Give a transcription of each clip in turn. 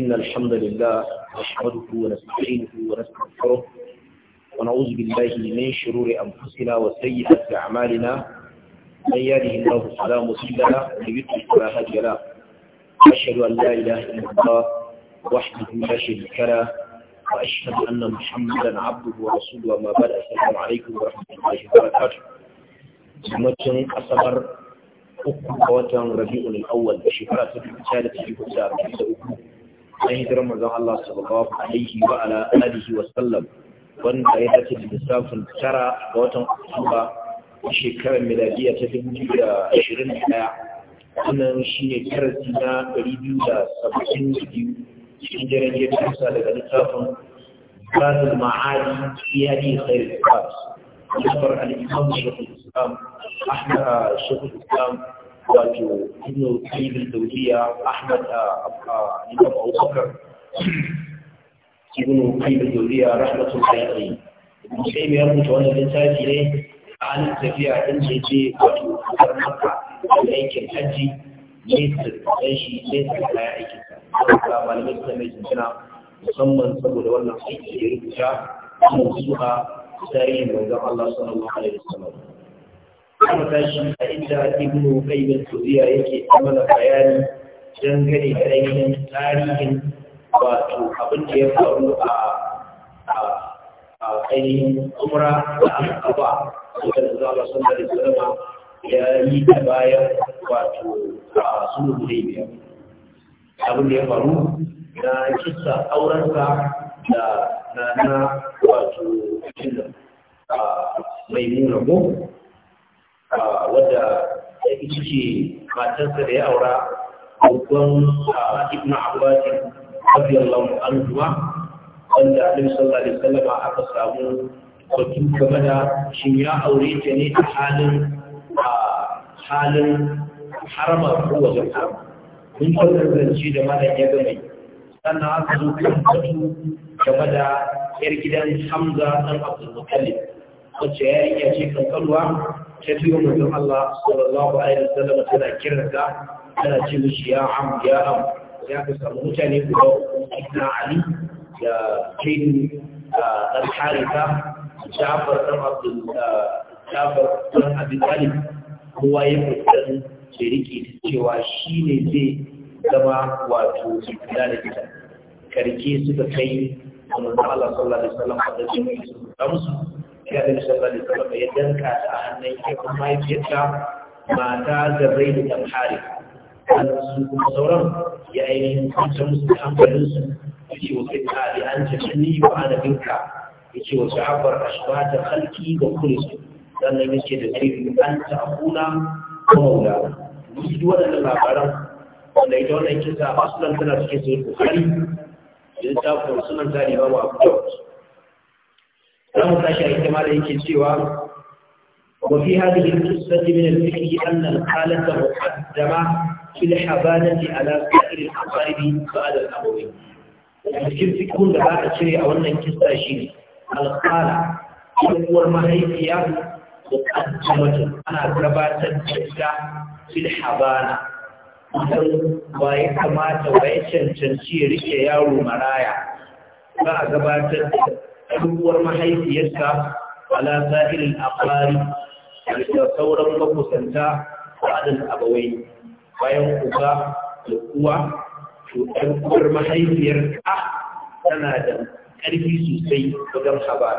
إن الحمد لله نحمده ونستعينه ونستغفره ونعوذ بالله من شرور أنفسنا وسيئات أعمالنا من يهده الله فلا مضل له ومن يضلل فلا هادي له أشهد أن لا إله إلا الله وحده لا شريك له وأشهد أن محمدا عبده ورسوله وما بعد السلام عليكم ورحمة الله وبركاته mutum asabar uku ربيع الأول rabi'ul الرسالة في ta 1993 an hijirar manzon Allah sallallahu alaihi wa ala alihi wa sallam wanda ya dace da lissafin tara ga watan Oktoba shekarar miladiya ta 2021 wannan shine karatu na 272 cikin jirage tafsa daga lissafin Zadul Ma'adi fi hadi khair al-Qas. Nufar al-Imam Shaykhul Islam Ahmad Shaykhul Islam wato ibn qayyim al-dawliya ahmad uh, uh, ibn abu bakr ibn qayyim al-dawliya rahmatullahi alayhi ibn qayyim ya rubuta wannan littafi ne an tafiya din da yake wato kasar makka aikin hajji ne su dan shi ne su kaya aikin sa malamai ta mai jinjina musamman saboda wannan aiki da ya rubuta kuma su a tarihin manzon Allah sallallahu alaihi wasallam kuma tashi a inda ibnu qayyim tuziya yake mana bayani dangane da ainihin tarihin wato abin da ya faru a ainihin umra da aka ba da zama sallar islama ya yi da baya wato a sunu hudaybiya abin da ya faru na kisa aurensa da na na wato mai nuna ko wadda ita ce matansa da ya aura babban ibn abbas radiyallahu anhu wanda annabi sallallahu alaihi aka samu kotu game da shin ya aure ta ne a halin halin harama ko wajen harama mun kwanar zance da malam ya gane sannan aka zo kan kotu game da yar gidan hamza dan abdul mutane. wacce ya yi ya ce ta biyu mutum Allah sallallahu alaihi wasallam tana kiranta tana ce mishi ya am ya am ya ka samu mutane guda ibn Ali da Zaid dan ah, Haritha Ja'far dan Abdul ah, Ja'far dan Abi Talib kowa ya fitar shiriki cewa shi ne zai zama wato da kita karke suka kai Allah sallallahu alaihi wasallam da jami'i su sai annabi sallallahu ya danka ta a hannun ita mahaifiyarta mata da zarrai da tamhari su kuma sauran ya ainihin kwanta musu da hankalinsu ya ce wa ta abi an ce sun yi wa annabinka ya ce wa sahabar ashbata halki da kulisu sannan ya ce da zai an ta akuna kuma wula duk waɗannan labaran wanda ita wannan kisa a nan tana cikin sai kokari da ta kuma sunan tarihi ba wa abu da za mu tashi a ita ma da yake cewa وفي هذه القصة من الفقه أن الحالة مقدمة في الحبانة على سائر الأقارب بعد الأبوين. لكن فكر لبعض الشيء أو أن القصة شيء الحالة هو المهيئة مقدمة أنا أقربات في الحبانة Idan ba ya kamata ba ya cancanci ya rike yaro maraya ba a gabatar da uwar mahaifiyarsa ala irin aqari da sauran makusanta ba'dal abawai bayan kuka da uwa to ɗan uwar mahaifiyar ka tana da ƙarfi sosai wajen habar.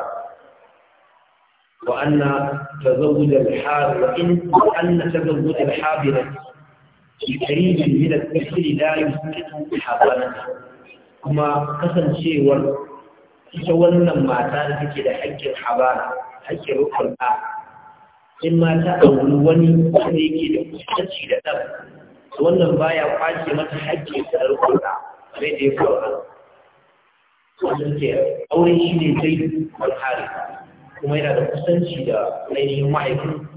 wa anna ta al-har wa in anna tazawwuj al-habira fi qaribin min al-mithli la yusqitu habarata kuma kasancewar ita wannan mata da take da haƙƙin habara haƙƙin rukun ɗa in mata a wuri wani wanda yake da kusanci da ɗan wannan baya kwace mata haƙƙin da rukun ɗa zai da ya faru wannan ke auren shi ne zai alhari kuma yana da kusanci da ainihin ma'aikun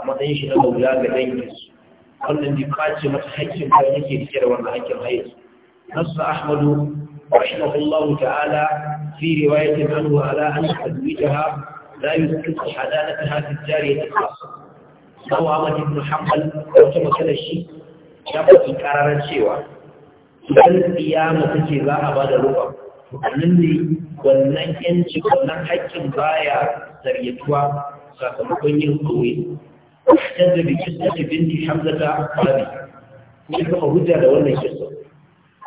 a matsayin shi na maula ga danginsu wannan bai kwace mata haƙƙin da yake da wannan haƙƙin hayyarsu nasu ahmadu رحمه الله تعالى في رواية عنه على أن تزويجها لا يسقط حلالتها في الجارية الخاصة أو أحمد بن حنبل وتمثل الشيء يبقى قرارا شيوا idan kiyama take za a da ruwa wannan ne wannan yanci wannan haƙƙin baya zaryatuwa sakamakon yin aure ta da bikin da binti hamzata babi ne kuma hujja da wannan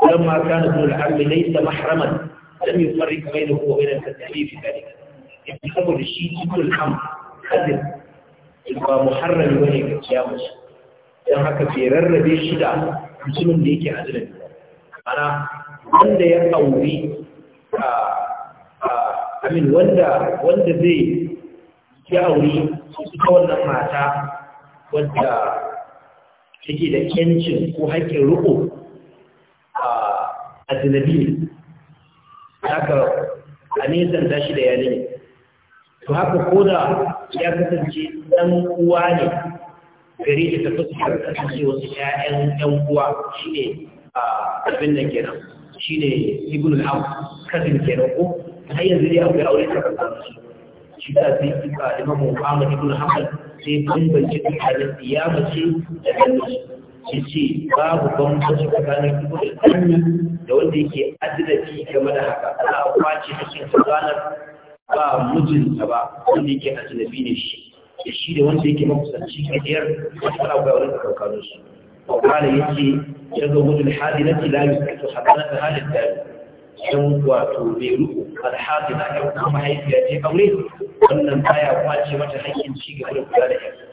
لما كان ابن العم ليس محرما لم يفرق بينه وبين التكليف في ذلك يقول الشيء ابن العم خزن ba muharrami bane ga kiyama shi don haka ke rarrabe shi da mutumin da yake azumin ana wanda ya auri amin wanda wanda zai ya auri ta wannan mata wadda take da kyancin ko haƙƙin riko ajnabi haka a nesan tashi da yanayi to haka ko da ya kasance ɗan uwa ne gare da ta fuskar kasance wasu ƴaƴan ƴan uwa shine a abin nan kenan shine ibn al-am ke kenan ko har yanzu dai akwai aure ta kasance shi ta sai ka imamu Ahmad ibn Hanbal sai bambance tsakanin iyamace da namiji ya ce babu bambanci tsakanin ibu da ɗanyi da wanda yake adalci game da haka ana kwace cikin tsakanin ba mijinta ba wanda yake ajnabi ne shi da shi da wanda yake makusanci kadiyar wata ana kwaya wani kankanin su wakala ya ce ya ga wujin hadi na tilayu ka to hadanar da halin da yan wato mai ruku alhadi na yan kuma mahaifiya ce aure wannan baya kwace mata hakkin ci gaba da kula da yan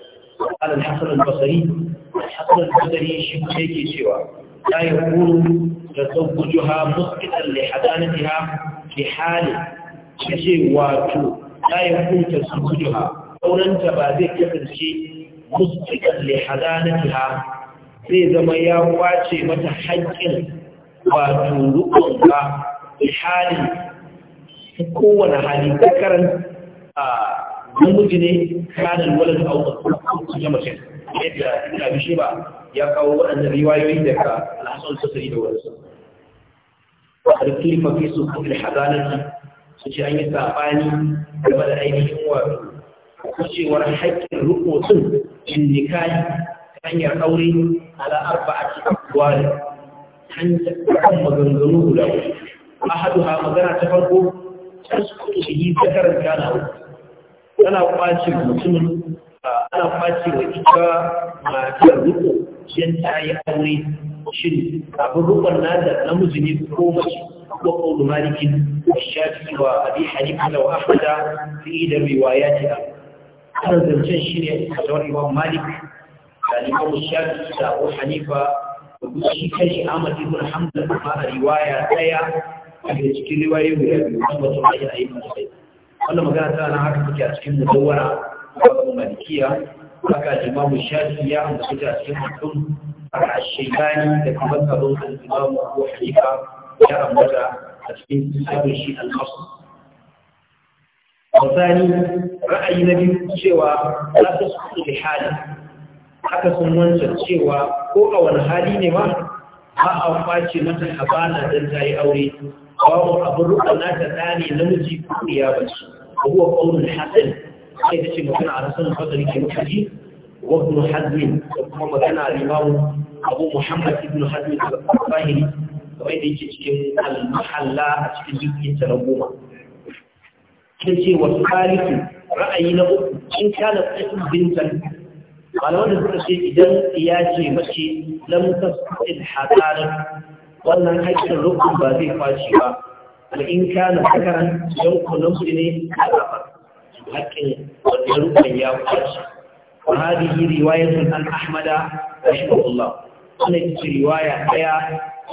قال الحسن البصري الحسن البصري شيء سوى لا يكون تزوجها مسكتا لحدانتها لحاله kace wato la yakun tasbujuha sauranta ba zai kasance mustaqilan li hadanatiha zai zama ya kwace mata haƙƙin wato rukun ba hali kowane hali ta يمكنني كان الولد أو الطفل جمع شيء إذا أن الرواية عندك الحصول سفري دولة وقد اكتلف في سوق الحضانة سجعين الثاباني أربعة أقوال أحدها مغنى تفرقه تسقط به ذكر tana kwace mutumin ana kwace wa ita matar riko yan ta yi aure shin abin rukon na da namiji ne ko mace ko kaulu Maliki, da shafi wa abi hanifa da wa ahmada fi da riwaya ta kan zancen shi ne a tsawon imam malik da imam shafi da abu hanifa da kuma shi kai ahmad ibn hamdan ma a riwaya daya a cikin riwayoyi guda biyu kuma mutum ya yi ayyukan wannan magana ta nan haka take a cikin mudawwara ko malikiya haka imamu shafi ya ambaci ta cikin mutum haka shaybani da kuma tsaro da imamu abu hanifa ya ambata a cikin sabon shi al-asl ra'ayi na biyu cewa za ta su da hali haka sun wancan cewa ko a wani hali ne ma ba a kwace mata habana don ta yi aure babu abin rukun nata ɗane namiji kuɗi ya ce وهو قول الحسن حيث شيء مكان على سنة الفضل كمحجي وابن حزم وكما مكان على الإمام أبو محمد ابن حزم الظاهري kamar da yake cikin almahalla a cikin dukkinta na goma ta ce wa tsariku ra'ayi na uku in kana tsakin bintan malamar da suka ce idan ya ce mace lamtar tsakin wannan haƙƙin rukun ba zai kwace ba in kana sakaran don kunansu ne a kafa hakkin wanda rukun ya kwaci wa hadihi riwayatun an ahmada rahimahullah wannan ce riwaya daya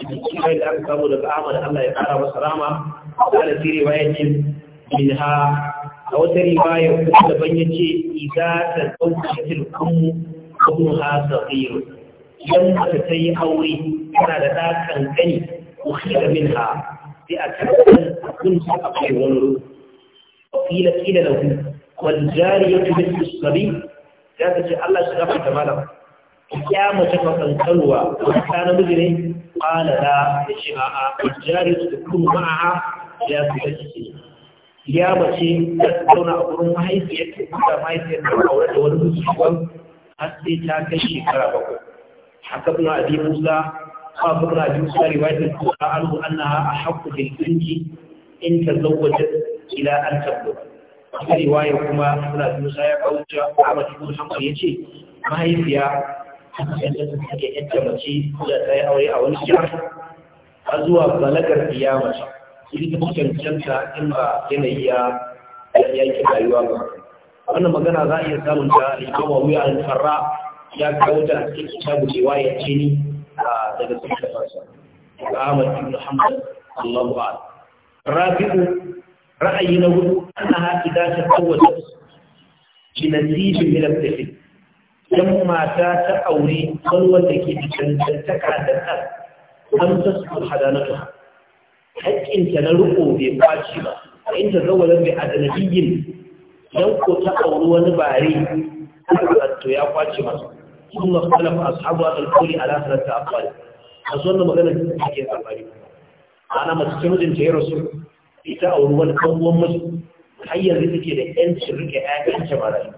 cikin da aka samu daga Ahmad Allah ya kara wasu rama A da fi min ha? a wata riwaya kuma daban yace idza ta tawfiqil ummu ha hasaqir idan mace ta yi aure tana da ɗa kankani min ha. sai a karɓar abin da a kai wani ruwa kila kila lahu wal jariyatu min sabi ya ta ce Allah shi gafa ta malam ya mace fa kankarwa ta namiji ne qala da, ya ce a a wal jariyatu kun ma'a ya ta ce ya mace ta zauna a gurin mahaifiyar ta da mahaifiyar ta aure da wani mutum har sai ta kai shekara bakwai haka kuma abi Musa suna su أبو راجو رواية عنه أنها أحق بالكنج إن تزوجت إلى أن تبلغ wata riwaya kuma suna musa ya kauce a matuƙin hankali ya ce mahaifiya ta yadda su suke yadda mace da ta yi aure a wani jihar a zuwa balagar kiyama shi ta cancanta in ba yanayi ya yanki rayuwa ba wannan magana za a iya samun ta imama wuya al-farra ya kawo ta a cikin kitabu riwaya ce ni daga cikin farsa Ahmad ibn Hanbal Allahu a'lam rabi'u ra'ayi na hudu annaha idan ta tawajjat bi nasibin min al-tifl dan mata ta aure wani wanda ke cikin tantaka da ɗan an tasku hadanatuha haƙƙinta na riƙo bai kwaci ba a inda zawalar bai adanabiyin dan ko ta auri wani bare to ya kwace masa ثم اختلف أصحاب القول على ثلاثة أقوال أظن مغنى تحكي أقوالي A ما تستمدن تهي رسول إتا أو هو الأول مسلم hanyar da take da ‘yancin rike ‘ya'yanta marayu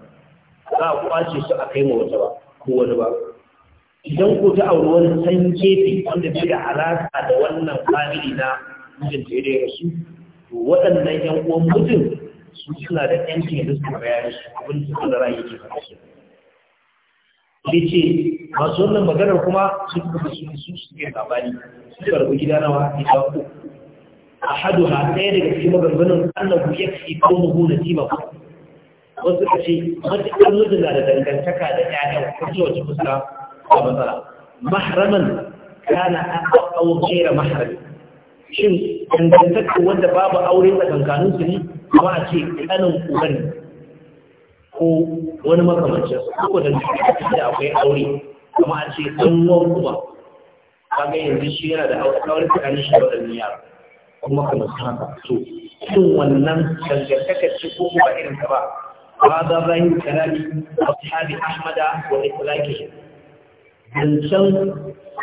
za a kwace su a kai wata ba ko wani ba idan ku ta auri wani san kefe wanda bai da alaƙa da wannan famili na mijin ta da rasu to waɗannan ‘yan uwan mutum su suna da ‘yancin da suka bayan su abin da suka da rayu ke ya ce masu wannan maganar kuma su kuma su su suke labari su karbi gida nawa ya shafu a hadu na ɗaya daga cikin maganganun annabu ya fi kawo mu na tima ku wasu ka ce matuƙar na da dangantaka da ƴaƴan wace wace fuska a matsala mahraman kana a kawo kera mahrami shin dangantaka wanda babu aure tsakaninsu ne kuma a ce ƙanin uban ko wani makamancin su ko da da akwai aure kuma a ce dan uwan kuma kaga yanzu shi yana da aure tsakanin shi da wannan yara kuma kamar haka to irin wannan dangantaka ce ko kuma irin ta ba هذا ظاهر كلام أصحاب أحمد وإطلاقه zancen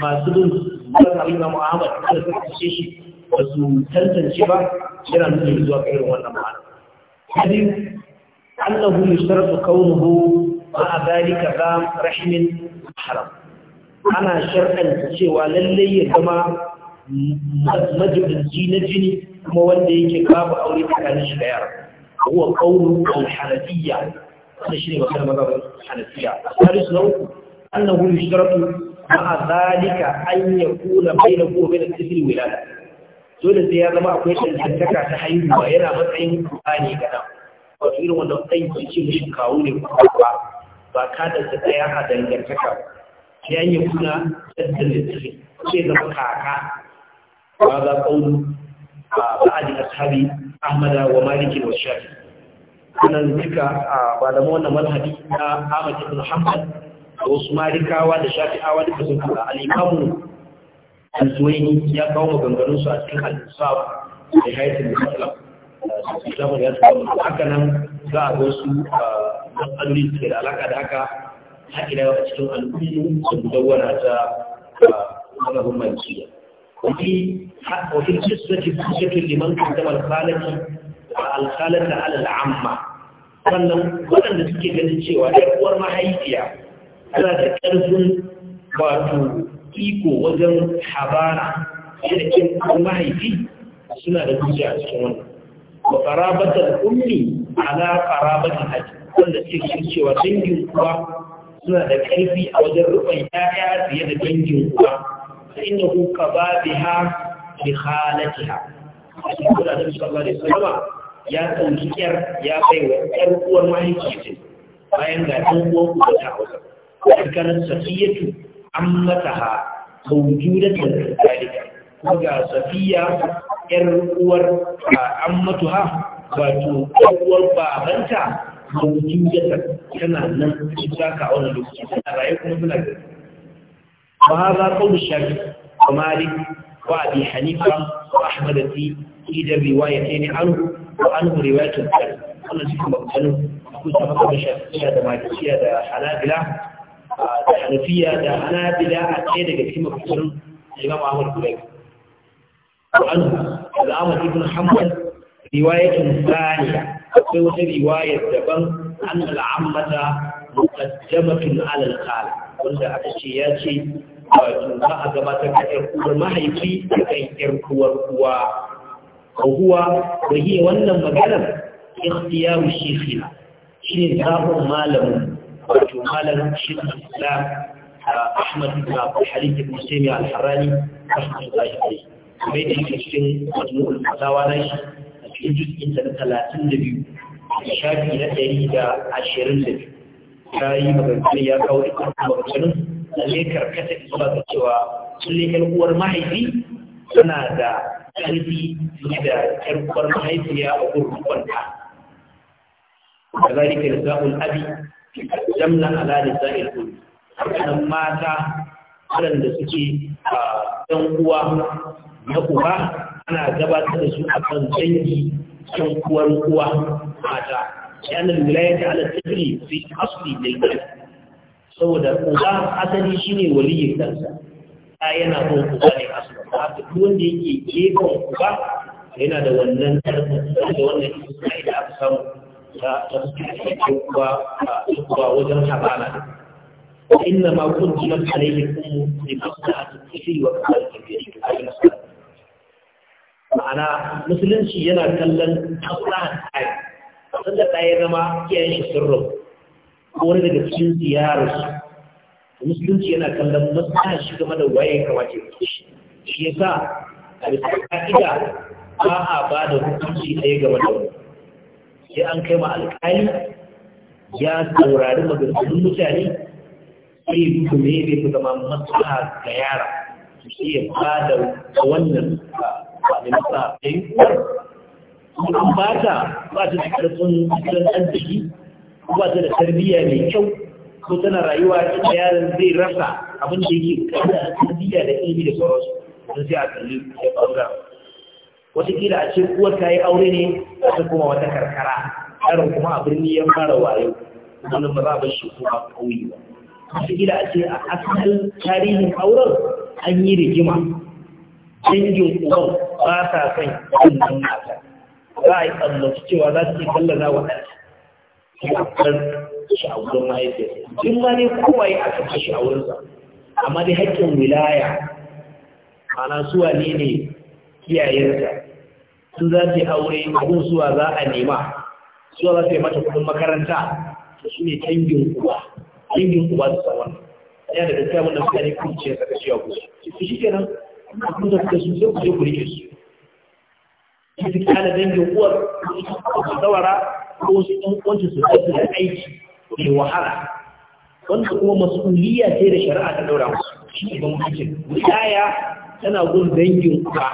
masu bin zuwa imam Muhammad da suka kashe shi ba su tantance ba yana nuna zuwa irin wannan ma'ana. annahu yustaratu kaunuhu ma dalika rahimin haram ana sharɗanta cewa lallai ya zama majibinci na jini kuma wanda yake babu aure tsakanin shi da yara huwa qawlu al-hanafiyya wannan shine maganar mazhabin hanafiyya tarihi na uku annahu yushtaratu ma'a zalika dole sai ya zama akwai tantaka ta haihuwa yana matsayin qur'ani ga wato irin wanda ɗan ke ce mishi kawo ne ba ba ka da ta ɗaya a dangantaka ta yanyi kuna tsadda littafi ce zama kaka ba za ƙaunu a ba'adi ashabi ahmada wa maliki wa shafi wannan duka a malamu wannan mazhabi na ahmad ibn hanbal da wasu malikawa da shafi'awa duka sun kula al-imamu al-zuwaini ya kawo maganganun su a cikin al-insaf da haitin musallam zafin ya su haka nan za a zo su matsaloli ke da alaƙa da haka haƙina a cikin al'ummu su dawwana ta mazhabin malikiya wani wakilci su zaki kusurkin liman kantar alkhalaki a alkhalar da alal amma sannan waɗanda suke ganin cewa ɗan uwar mahaifiya tana da ƙarfin wato iko wajen habara yadda kin mahaifi suna da hujja a cikin wannan wa karabatar ummi ala karabatar haji wanda ke cewa dangin kuwa suna da ƙarfi a wajen rufin ‘ya'ya fiye da dangin uwa ta inda kuka ba bi ha bi halaki ha a cikin kudaden sallar da salama ya ɗauki ƙyar ya bai wa ƙyar uwar mahaifi bayan ga ɗan uwan uwa ta hausa ƙarƙarar safiyatu an mata ha sau biyu da ga safiya ‘yar uwar an matuha wato uwar ba mawucin jasa tana nan cuta ka a wani lokaci tana raye kuma suna gari ba ha za kawo shafi wa malik wa abi hanifa wa ahmad ati idan riwaya ta ne an wa an riwaya ta tsari wannan suka mabutanu akwai ta maka shafiya da malikiya da hanabila da hanafiya da hanabila a ɗaya daga cikin mafisarin imam ahmad gudanar وعنه الأمر ابن حنبل رواية ثانية فهو رواية دبن أن العمة مقدمة على الخال ya ce ba a gabatar da ‘yar'uwar mahaifi da kan ‘yar'uwar uwa koguwa da yi wannan maganar ikhtiyaru shekina shi ne zaɓin malamin wato malamin shekina islam ahmad ibn abu halittar musulmi al-harani rahmatullahi kamar da yake cikin majmu'ul fatawa na shi a cikin juz'in da talatin da biyu da shafi na ɗari da ashirin da biyu ta yi maganganun ya kawo dukkan maganganun lalle karkata zuwa ga cewa sun ƴan uwar mahaifi suna da ƙarfi fiye da ƴan uwar mahaifiya a gurbin kwanta kazalika rizqul abi jamna ala rizqil kulli hakanan mata waɗanda suke a ɗan uwa na uba ana gabatar da su a kan dangi uwa mata yanar wilayar da ala tajiri fi asli da saboda uba asali shine waliyin kansa ta yana kan uba ne asali haka wanda yake gefen uba yana da wannan karfin da wannan isma'i da aka samu ta fuskar uba wajen habana inna ma kuntu nafsa alaihi ummu da maslahati tifli wa kasal kibiri ma'ana musulunci yana kallon ai sun da ɗaya zama kiyan shi sirrin ko wani daga cikin ziyararsu. musulunci yana kallon matsayin shi game da waye kamata shi ya sa a bisa ka'ida ba a ba da hukunci ɗaya gaba da wani sai an kai ma alƙali ya saurari magasinin mutane sai kuma ya fi zama matsayin ga yara su ya ba da wannan ba da nasa da yi uwar kuma an ba ta ba ta da ƙarfin ƙarfin arziki ta da tarbiyya mai kyau ko tana rayuwa cikin yaron zai rasa abin da yake kada tarbiyya da ilimi da sauransu don sai a kalli ya ɓangaren watakila a ce uwar ta yi aure ne ta kuma wata karkara yaron kuma a birni ya fara wayo Kuma wani ba za a bar shi kuma kauye ba watakila a ce a asalin tarihin auren an yi rigima dangin uban ba ta son wannan mata za a yi tsallaci cewa za su yi kallana waɗanda yakan shi a wurin mahaifiyarsa in ma ne kowaye aka kashe a wurinsa amma dai haƙƙin wilaya ana suwa ne ne kiyayensa sun za su yi aure abin suwa za a nema suwa za su yi mata kudin makaranta da su ne tangin uba dangin uba su san wannan yana da gaskiya wanda mutane kuma ce saka cewa ku su shi kenan kun da suka su sai ku je ku rike su sai su dangin uwar su tsawara, ko su ɗan su zafi da aiki mai wahala wanda kuma mas'uliyya sai da shari'a ta daura musu shi ne ban hakin wilaya tana gun dangin uwa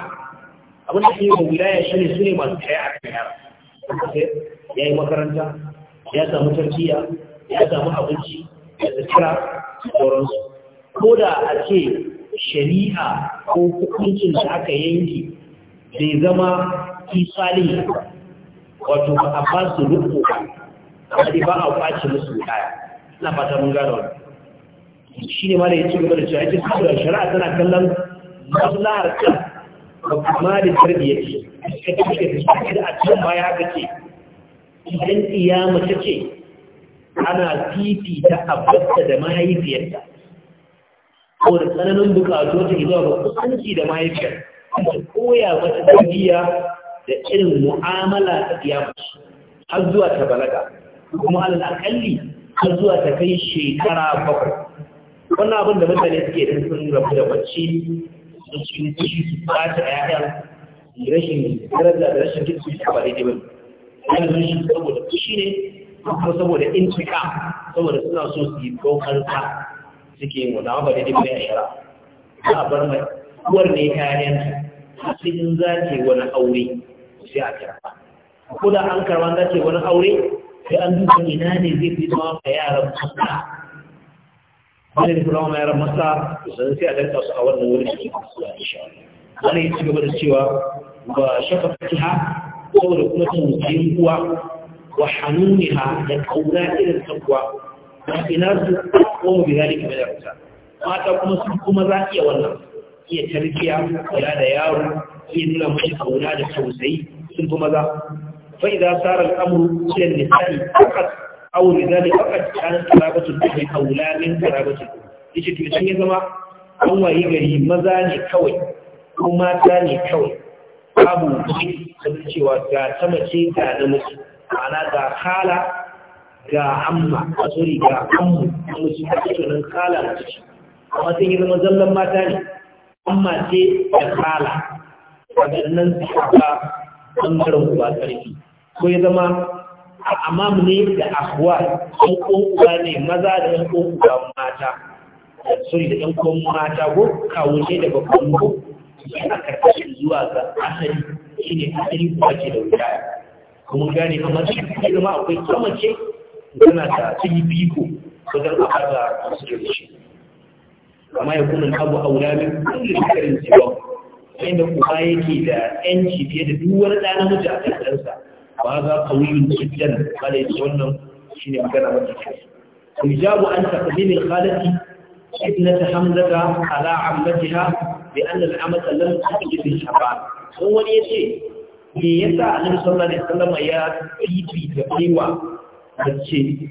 abin da ke wilaya shi ne su ne masu kaya a kan yara ya yi makaranta ya samu tarbiyya ya samu abinci da zakira da sauransu ko da a ce shari'a ko hukuncin da aka yanke bai zama fi salih wato ba a ba su ruku ba dai ba a kwace musu daya ina fata mun gano shi ne mala ya ci gaba da cewa ake saboda shari'a tana kallon maslahar ta da kuma da tarbiyya ce suka ce da suke da a cikin baya haka ce idan iya ta ce ana fifita abarta da mahaifiyarta ko da tsananin bukatu ta zuwa ga kusanci da mahaifiyar da ya mata tarbiyya da irin mu'amala ta kiyamashi har zuwa ta balaga kuma alal akalli har zuwa ta kai shekara bakwai wannan abin da mutane suke tun sun rabu da bacci sun cikin kushi su ɓata a yayan rashin daraja da rashin kirki a ba daidai bane an rashin saboda kushi ne kuma saboda intika saboda suna so su yi ɗaukarsa suke yin wani da daidai bane a shara za a bar mai uwar ne kayanta sai in za ta yi wani aure sai a karɓa ko da an karɓa za ce wani aure sai an duba ina ne zai fi zama ga yaran masa wani da kuma ma yaran masa sannan sai a danka su a wannan wurin da kuma su a insha Allah ana yi cigaba da cewa ba shafa fatiha saboda kuma tausayin uwa wa hanuniha da kaura irin takwa da ina su ko bi zalika min al-insan mata kuma su kuma za iya wannan iya tarkiya kula da yaro iya nuna mashi kauna da tausayi sun fi maza fa idza sara al-amru ila an-nisa'i faqat aw lidhalika faqat kanat qarabatu al-ummi awla min qarabati yace to sun zama an waye gari maza ne kawai ko mata ne kawai abu wani da cewa ga tamace mace ga namiji ana ga kala ga amma a tsori ga amma a ta a cikin kala mace ce amma sai ya zama zallon mata ne amma ce da kala waɗannan suka ɓangaren uba ƙarfi ko ya zama amam ne da ahuwa ɗan uba ne maza da ɗan uba mata sorry da ɗan ƙon mata ko kawo ne da babban ko a karkashin zuwa ga asali shi ne asali kuma ke da wuta kuma gane kamar shi ya zama akwai ce tana da yi biko wajen a haɗa su da shi amma ya kuma abu aula min kullum karin siwa inda uba yake da yanci fiye da duk wani ɗan namiji a kan ɗansa ba za ka wuyin jiddan kala yace wannan shi ne magana mafi kyau hijabu an taqdim al khalati ta hamzata ala ammatiha bi anna al amata lam tajid al shaban sun wani ce me ya sa yasa annabi sallallahu alaihi wasallam ya kaiwa? baiwa mace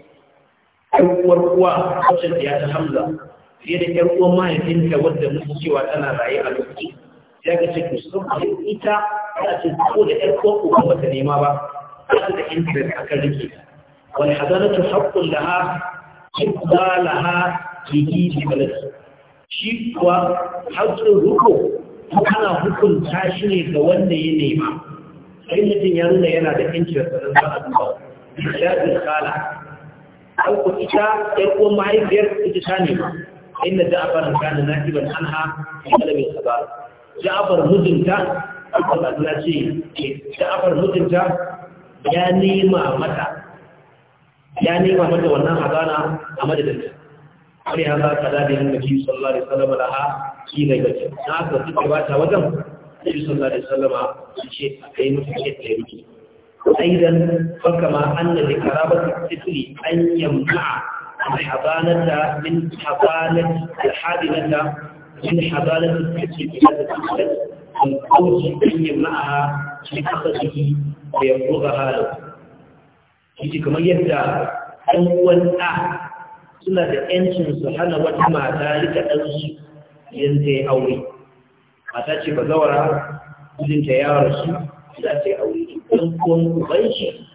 uwar uwa wacce ya ta hamza fiye da ƴar uwan mahaifinta wadda musu cewa tana raye a lokacin Daga ga ce kusurin abin ita ya ce ko da ƴar koko ba ta nema ba ba da interest a kan rike wani ta haƙƙun da ha shi ba la ha jiki da balasi shi kuwa haƙƙin ruko ana hukunta shi ne ga wanda ya nema sai mutum ya nuna yana da interest a ɗan ba a ya kala ko ita ƴar uwan mahaifiyar ita ta nema inda da a barin gane na iban anha da mai sabara ja'afar mutunta Allah ta ce eh, ja'afar mutunta ya nema mata ya nema mata wannan hazana a madadinta har ya za ka zaɗi yin nabi sallar da sallama da ha shi ne gaji na haka suke ba ta wajen nabi sallar da sallama su ce a kai musu ce ta ma an da anna ba karabati tituli an yamma a yamna habanata min habanati alhadinata من حبالة التأثير في هذا الأسد والقوس الذي معها في ya buga له shi kamar yadda ɗan uwan ɗa suna da ‘yancin su hana wata mata rika ɗansu idan ta yi aure mata ce ba zawara gudun ta yawar su za ta yi aure ɗan uwan uban shi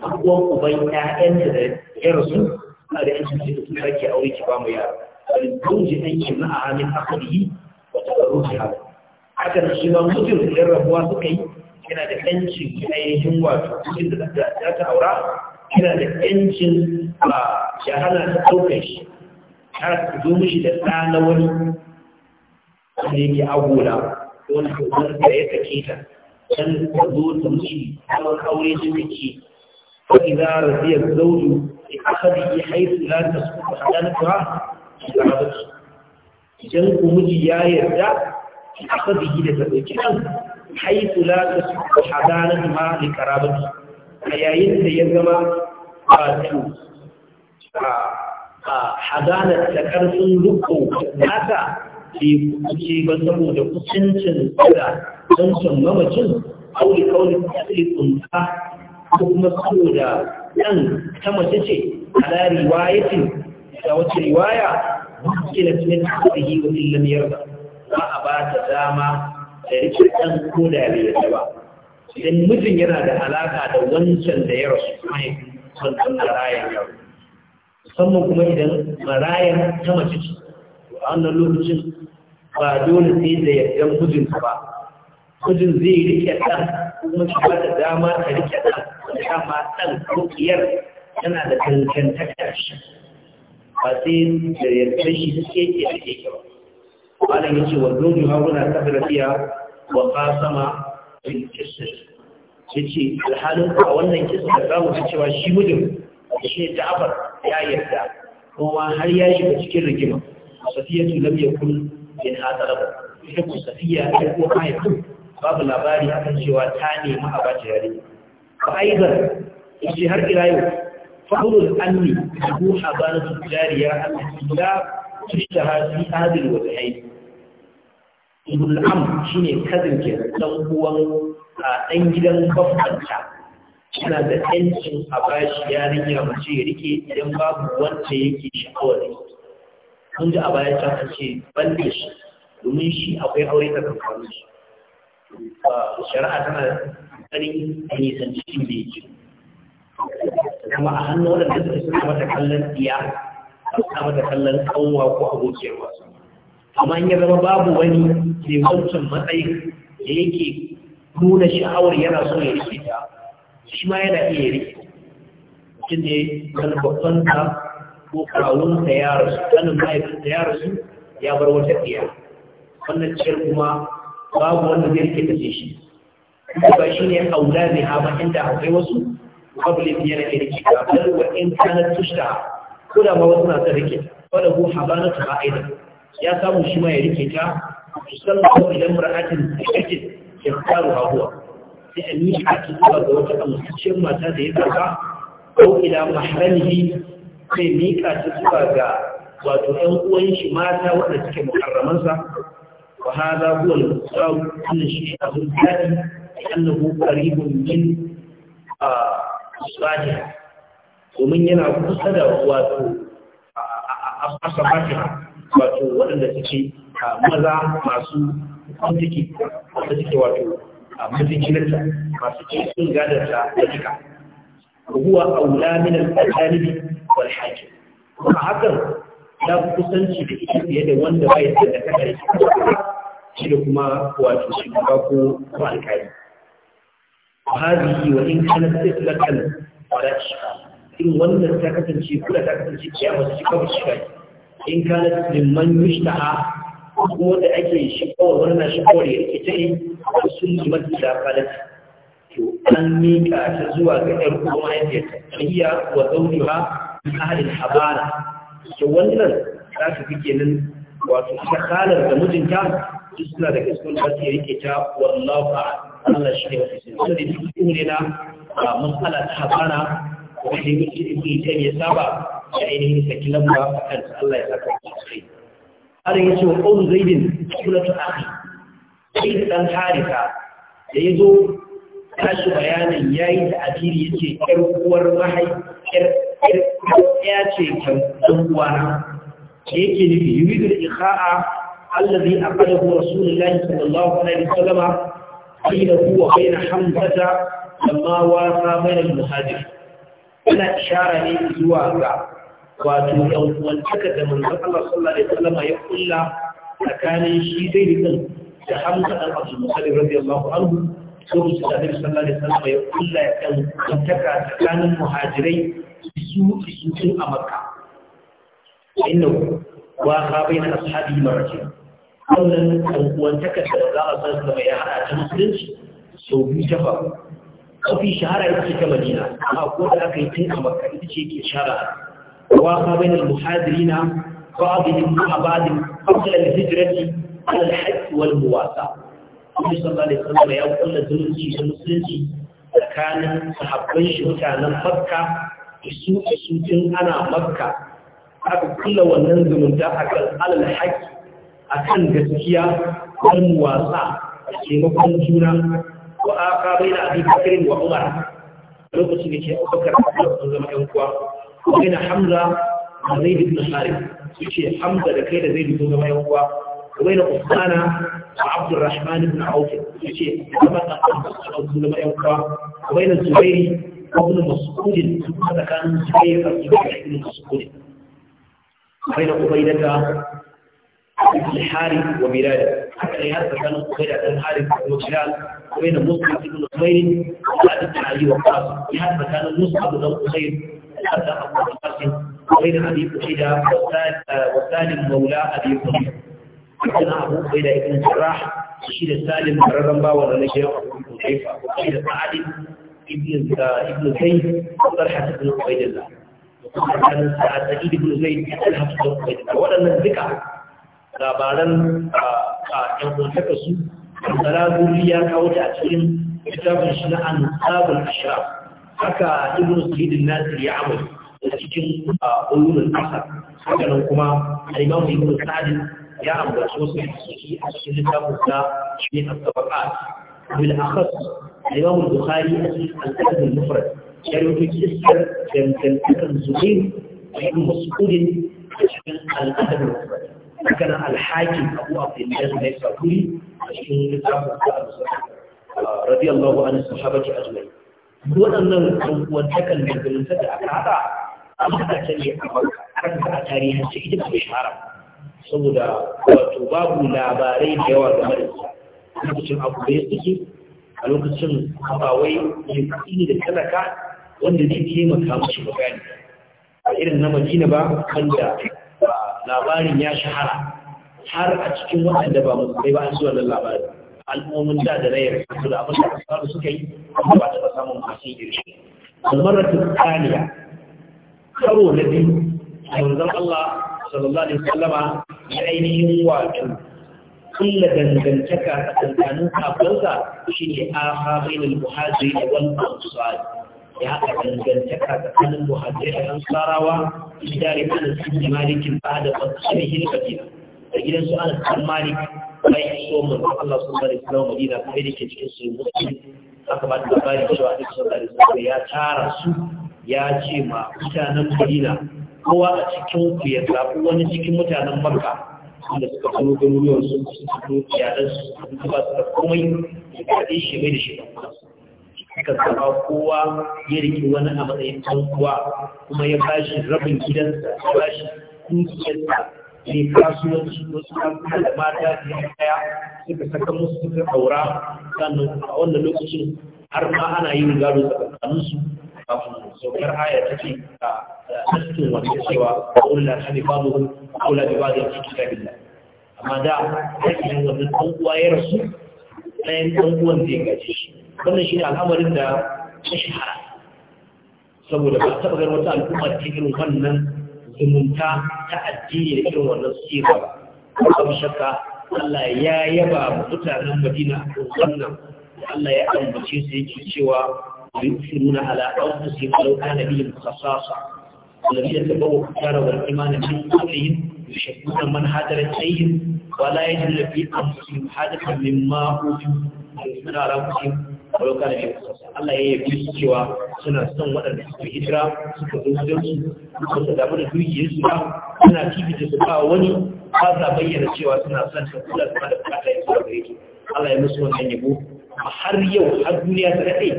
ɗan uwan uban ‘ya'yanta da yarsu suna da ‘yancin su da su rake aure ki ba mu yara فالزوج أن يمنعها من أخره وتبرجها حتى الشيما مجر يرى بواسقي yana da ƴancin ainihin wato cikin da za ta aura yana da ƴancin ba ya hana ta ɗaukar shi har ta zo mishi da ɗa na wani wanda yake agola ko wani kyautar da ya ta aure ta take fa idza radiya zawju bi idan ku miji ya yarda ki aka da sadauki nan haitu la tasbihu hadanan ma li karabati a yayin da ya zama wato a hadanar ƙarfin karfin rukun nata ke kuce ba saboda kusancin da don son mamacin aure kawai kusurin kunta ko kuma saboda ɗan ta mace ce a lariwa ya ce a wata riwaya muskilat min hadihi wa in yarda ba a ba ta dama da rike dan ko da bai yarda ba idan mijin yana da alaka da wancan da ya rasu mai son san yaro musamman kuma idan marayan ta mace ce a wannan lokacin ba dole sai da yardan ka ba mijin zai rike ɗan kuma shi ba ta dama ta rike dan da dama ɗan ko iyar yana da kankan shi ba da yarda shi suke ke da ke kyau malam ce wa zuju hauna kafiratiya wa qasama fil qisr yace alhalin a wannan kisa da zamu ga cewa shi mijin shi Ja'far ya yarda kuma har ya shiga cikin rigima safiyatu lam yakun bin hadara ita ku safiya ta ko mahaifin babu labari akan cewa ta nemi a ba ta yare ba Ya ce har ila yau فقر الأمن له حضارة الجارية التي لا تشتهى في هذه الوجهين ابن الأمر شيني كذن كذا تنقوان ɗan gidan bambanta yana da ɗancin a bashi yarinya mace ya rike idan babu wanda yake sha'awar rike kun ji a baya can an ce balle shi domin shi akwai aure ta kamfanin shi shari'a tana tsarin nisan cikin da yake kuma a hannun waɗanda suka suna mata kallon iya suna mata kallon kanwa ko abokiyar wasu amma in ya zama babu wani mai wancan matsayin da yake nuna sha'awar yana so ya rike ta shi ma yana iya rike mutum ne kan babban ko kawun ya rasu kanin ya rasu ya bar wata ɗiya wannan ciyar kuma babu wanda zai rike ta shi ba shi ne aula ne ha ba inda akwai wasu public yana kirki bal wa in kana tushta koda ma wasu na ta rike wala hu habanatu ma'ida ya samu shi ma ya rike ta musamman idan mar'atin take ya karu hawa sai a miƙa ta ga wata amintacciyar mata da ya saka ko ila mahramihi sai mika ta zuwa ga wato 'yan uwan shi mata wanda suke muharramansa wa hadha huwa al-muqam annashi abun dadi annahu qaribun min ah, asbatiha domin yana kusa da wato asbatiha wato waɗanda suke maza masu kwantiki wanda suke wato mazikinanta masu ce sun gadarta da duka huwa a min al-talibi wal haƙi. kuma hakan ya kusanci da ita fiye da wanda bai da takardar shi da kuma wato ba ko alƙali هذه وإن كانت تفلة ولا إشكال إن ولد تاكتن شيء كل تاكتن شيء كيامة شكاوة شكاية إن كانت لمن يشتعى هو ده أكي شكاوة ولنا شكاوة يكتئي وسنة مدى قالت an miƙa ta zuwa ga ‘yar kuma yadda iya wa zauniwa na halin habara ke wannan za ta fi kenan wato shakalar da mijinta suna da gaskon da ta rike Allah shi ne mafi sai da cikin rena a matsala ta hasana wanda ya mutu ibn Hisham ya saba da ainihin saki lamba a kan Allah ya saka shi sai har yace wa qawl zaidin sunatu akhi sai dan harika da ya zo tashi bayanin yayi da asiri ce ƴar uwar mahaifiyar ya ce kan dan uwana yake nufi yuridu al-ikha'a kuma aqadahu rasulullahi sallallahu alaihi wasallam aina huwa baina hamzata amma wasa baina muhajir ina ishara ne zuwa ga wato yau wal da manzo Allah sallallahu alaihi wasallam ya kulla tsakanin shi dai da kan da hamza da Abu Musa radiyallahu anhu sun ci da Nabi sallallahu alaihi wasallam ya kulla ya kan tsaka tsakanin muhajirai su su a Makka inna wa khabaina ashabi marjin wannan ɗan'uwantakar da za a san sama ya haɗa ta musulunci sau biyu ta faru mafi shahara ita ce ta madina amma ko da aka yi tun a makka ita ce ke shahara wa ka bayan al-muhadirina ba'dihim ma ba'dihim qabla al-hijrati ala al-hajj wal muwasa Annabi sallallahu alaihi wasallam ya kulla zumunci da musulunci tsakanin sahabban shi mutanen Makka isu isu tun ana Makka aka kulla wannan zumunta akan alal hajj a kan gaskiya kan wasa a cikin juna ko a ka bai da abin kafirin wa umar lokacin da ke abubakar a sun zama yan kuwa ko ina hamza a zai bi na hari su ce hamza da kai da zai bi sun zama yan kuwa ko ina usmana a abdurrahman ibn auki su ce zama da sun zama yan kuwa ko ina zubairi ko ina mas'udin su kuma tsakanin zubairi da ibn mas'udin ko ina ubaidata الحارث وبلاله حتى يهرب كان قبيلة الحارث وبلال وبين مصعب بن خير وسعد بن علي وقاص يهرب كان مصعب بن خير وسعد بن قاسم وبين ابي قتيلة وسالم مولى ابي قتيلة حدثنا ابو قتيلة بن الجراح وشيل سالم مررم باور الشيخ ابو حيفا وشيل سعد ابن ابن زيد وطلحة بن عبيد الله وكان سعد بن زيد يتلهف بن عبيد الله ولم نذكر labaran a ɗanwantaka su tsaraguri ya kawo ta a cikin littafin shi na an sabon ashira haka ibn sa'idin nasir ya amur da cikin ulumin ƙasa hakanan kuma alimamu ibn sa'adin ya ambaci wasu suke a cikin littafin sa shi a sabakat bil akhas alimamu bukhari a cikin alƙalin mufrad ya rubuta iskar dangantakar zubair da ibn mas'udin a cikin alƙalin mufrad daga alhakin abu abdullahi mai sakuri a cikin littafin uh, radiyallahu an sahabati ajmai waɗannan wantakan da zumunta da aka haɗa an haɗa ta ne a makka a tarihin su ita mai shahara saboda wato babu labarai da yawa game da su lokacin abu da ya suke a lokacin abawai yankasi da talaka wanda zai taimaka mashi magani a irin na madina ba wanda labarin ya shahara har a cikin waɗanda ba musulmai ba an su wannan labarin al'ummomin da da rayar su da abin da kasaru suka yi amma ba taɓa samun masu irshi almaratun kaniya karo na biyu manzon Allah sallallahu alaihi wasallama ya ainihin wato kulla dangantaka a tsakanin kafansa shine aha bainal muhajiri wal ansari ya haɗa dangantaka tsakanin buhari da ansarawa gida da anas bin malikin ba da kwanciyar madina da gidan su ana kan malik so iso mun Allah bari alaihi wasallam madina kai da ke cikin su muslim aka ba da labarin cewa Annabi sallallahu alaihi su. ya tara su ya ce ma mutanen madina kowa a cikin ku ya zaɓi wani cikin mutanen makka wanda suka kuma garuruwan su suka kuma yaran su su kuma komai ya kaɗe shi mai da shi su suka kama kowa ya riki wani a matsayin ɗan kuma ya bashi rabin gidansa ya bashi kungiyarsa ne kasuwanci wasu kasuwa da mata ne kaya suka saka musu suka aura sannan a wannan lokacin har ma ana yin gado tsakaninsu kafin saukar haya ta ce a haskin wanda cewa ƙaunar ta ne babu ƙaunar da ba da cikin amma da haƙƙin wannan ɗan uwa ya rasu ɗayan ɗan uwan zai gaji shi wannan shi ne al'amarin da ya shahara saboda ba taɓa ganin wata al'umma ta irin wannan zumunta ta addini da irin wannan sirra ba babu shakka Allah ya yaba mutanen Madina a wannan Allah ya ambace su yake cewa yusiruna ala anfusihim law kana bihim khasasa الذين تبوا الدار والإيمان من قبلهم يشهدون من هاجر إليهم ولا يجد في أنفسهم حاجة مما أوتوا ويؤثر على أنفسهم walau kana ne Allah ya yi su cewa suna son waɗanda suka hijira suka zo gidansu ba su damu da dukiyarsu ba suna da su ba wani ba za bayyana cewa suna son ta kula da da bukatar ya zuwa gare Allah ya musu wannan yabo har yau har duniya ta daɗe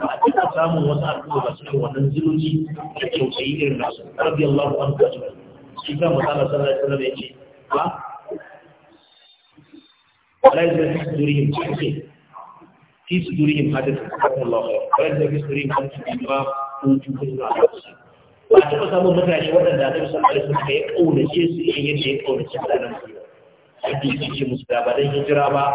ba a cika samun wasu al'umma ba su wannan zulunci da kyautayi irin nasu rabbi Allah an ta jiba shi ka musala sallallahu alaihi wasallam ya ce ba wala yanzu zurihim ce في صدورهم حدث جزاكم الله خير ويجزى في صدورهم حدث بما كنتم تزرعون على نفسهم ba a taba samun mutane waɗanda a taɓa samun sun ka ya ƙaunace su irin yadda ya ƙaunace mutanen su yadda ya ce musu da ba don ba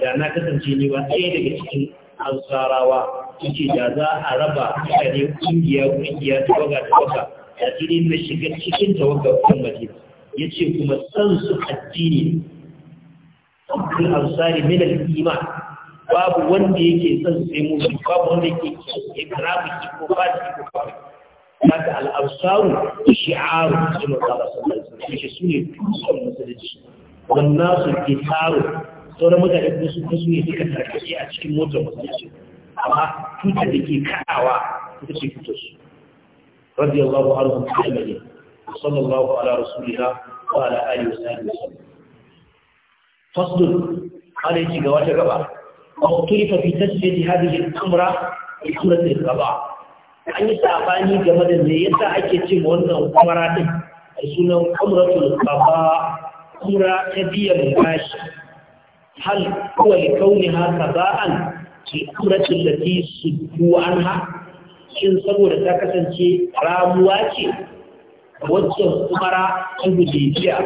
da na kasance ni ba ɗaya daga cikin ansarawa yake da za a raba kungiya ƙungiya ƙungiya tawaga tawaga da tuni na shiga cikin tawaga kan madina ya ce kuma san su addini ne. al Ansari min al-Iman babu wanda yake son sai mu babu wanda yake ya karamu ki ko ba ki ko kawai haka al'absaru shi'aru sun Allah sallallahu alaihi wasallam shi sune tusan musulunci wannan su ke taro sauran mutane kuma su kasu ne suka tarkace a cikin motar musulunci amma tutar da ke kaɗawa ita ce tutar su radiyallahu anhu ta'ala صلى الله على رسولنا وعلى آله وصحبه وسلم فصل قال يجي wata gaba. واختلف في تسجيل هذه الأمرة في سورة القضاء an yi sabani game da me yasa ake cin wannan umara din da sunan umratul qada umra ta biyan bashi hal huwa li kauniha qada'an fi umratil lati suddu anha shin saboda ta kasance ramuwa ce wacce umara ta gujejiya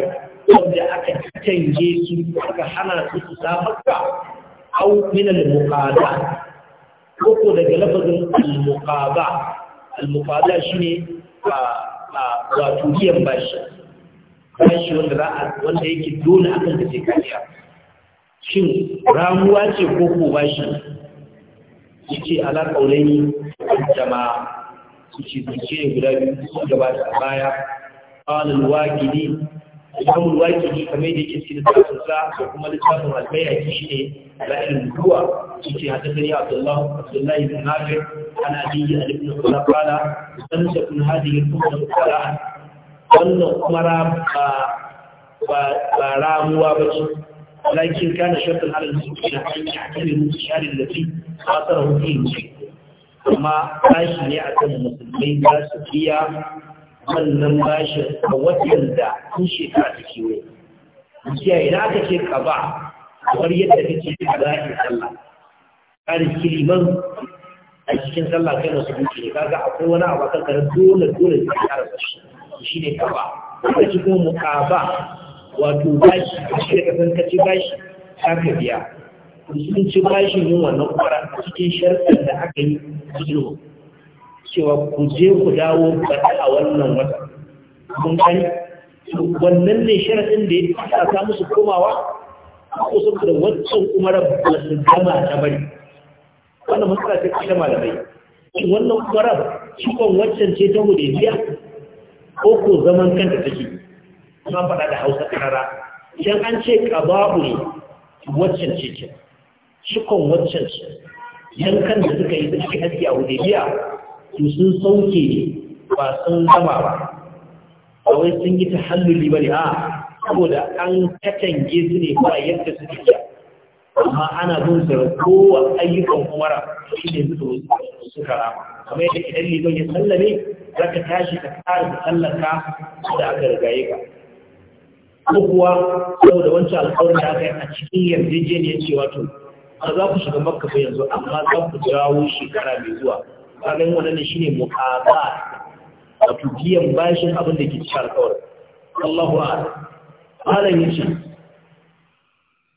da aka tange su aka hana su su samarka أو من المقادة koko daga lafazin al-muqaba al-muqaba shine a a wato biyan bashi bashi wanda za a wanda yake dole akan da sai kariya shin ramuwa ce ko ko bashi yace ala qaulaini jama'a su ci zuciye guda biyu su gabata a baya qala al-waqidi Imamul ne kamar da yake cikin littafin da kuma littafin Al-Bayhaqi shine Ra'il Nubuwa yace hadathani Abdullah Abdullah ibn Nafi' an Abi ibn Umar qala tanshakun hadhihi al-umma qara'an wannan kuma ba ramuwa ba ce لكن كان شرطا على المسلمين أن يعتبروا الشهر التي Kuma tashi ne a عاش يعتم المسلمين لا سفيا wannan bashin a watan da kun shekara ta kewaye dukiya idan aka ce kaba kamar yadda kake da zaki sallah kan kiliman a cikin sallah kai masu duki ne kaga akwai wani abu kan karin dole dole da ya rasa shi shi ne kaba kuma ci kuma mukaba wato bashi a shi da kasan kaci bashi ta ka biya sun ci bashin yin wannan kwara cikin sharɗin da aka yi cikin cewa ku je ku dawo baɗi a wannan wata mun gani wannan ne sharaɗin da ya ta musu komawa ko saboda wancan umara ba su gama ta bari wannan matsala ta kashe malamai shin wannan umara cikon waccan ce ta hudaybiya ko ko zaman kanta take kuma faɗa da hausa karara idan an ce ƙababu ne waccan ce ce cikon waccan ce yankan da suka yi da suke haske a hudaybiya Su sun sauke ba sun zama ba a wai sun yi ta halluli ba ne a saboda an katange su ne ba yadda su ke amma ana zuwa da kowa ayyukan umara shi ne su suka rama kamar yadda idan liban ya sallame za ka tashi ka da tsallaka da aka rigaye ka ko kuwa da wancan alƙawarin da aka yi a cikin yarjejeniyar cewa to ba za ku shiga makka ba yanzu amma za ku jawo shekara mai zuwa tsakanin wannan shine muqaba wato biyan bashin abin da ke cikin alƙawarin Allahu a'lam malam yace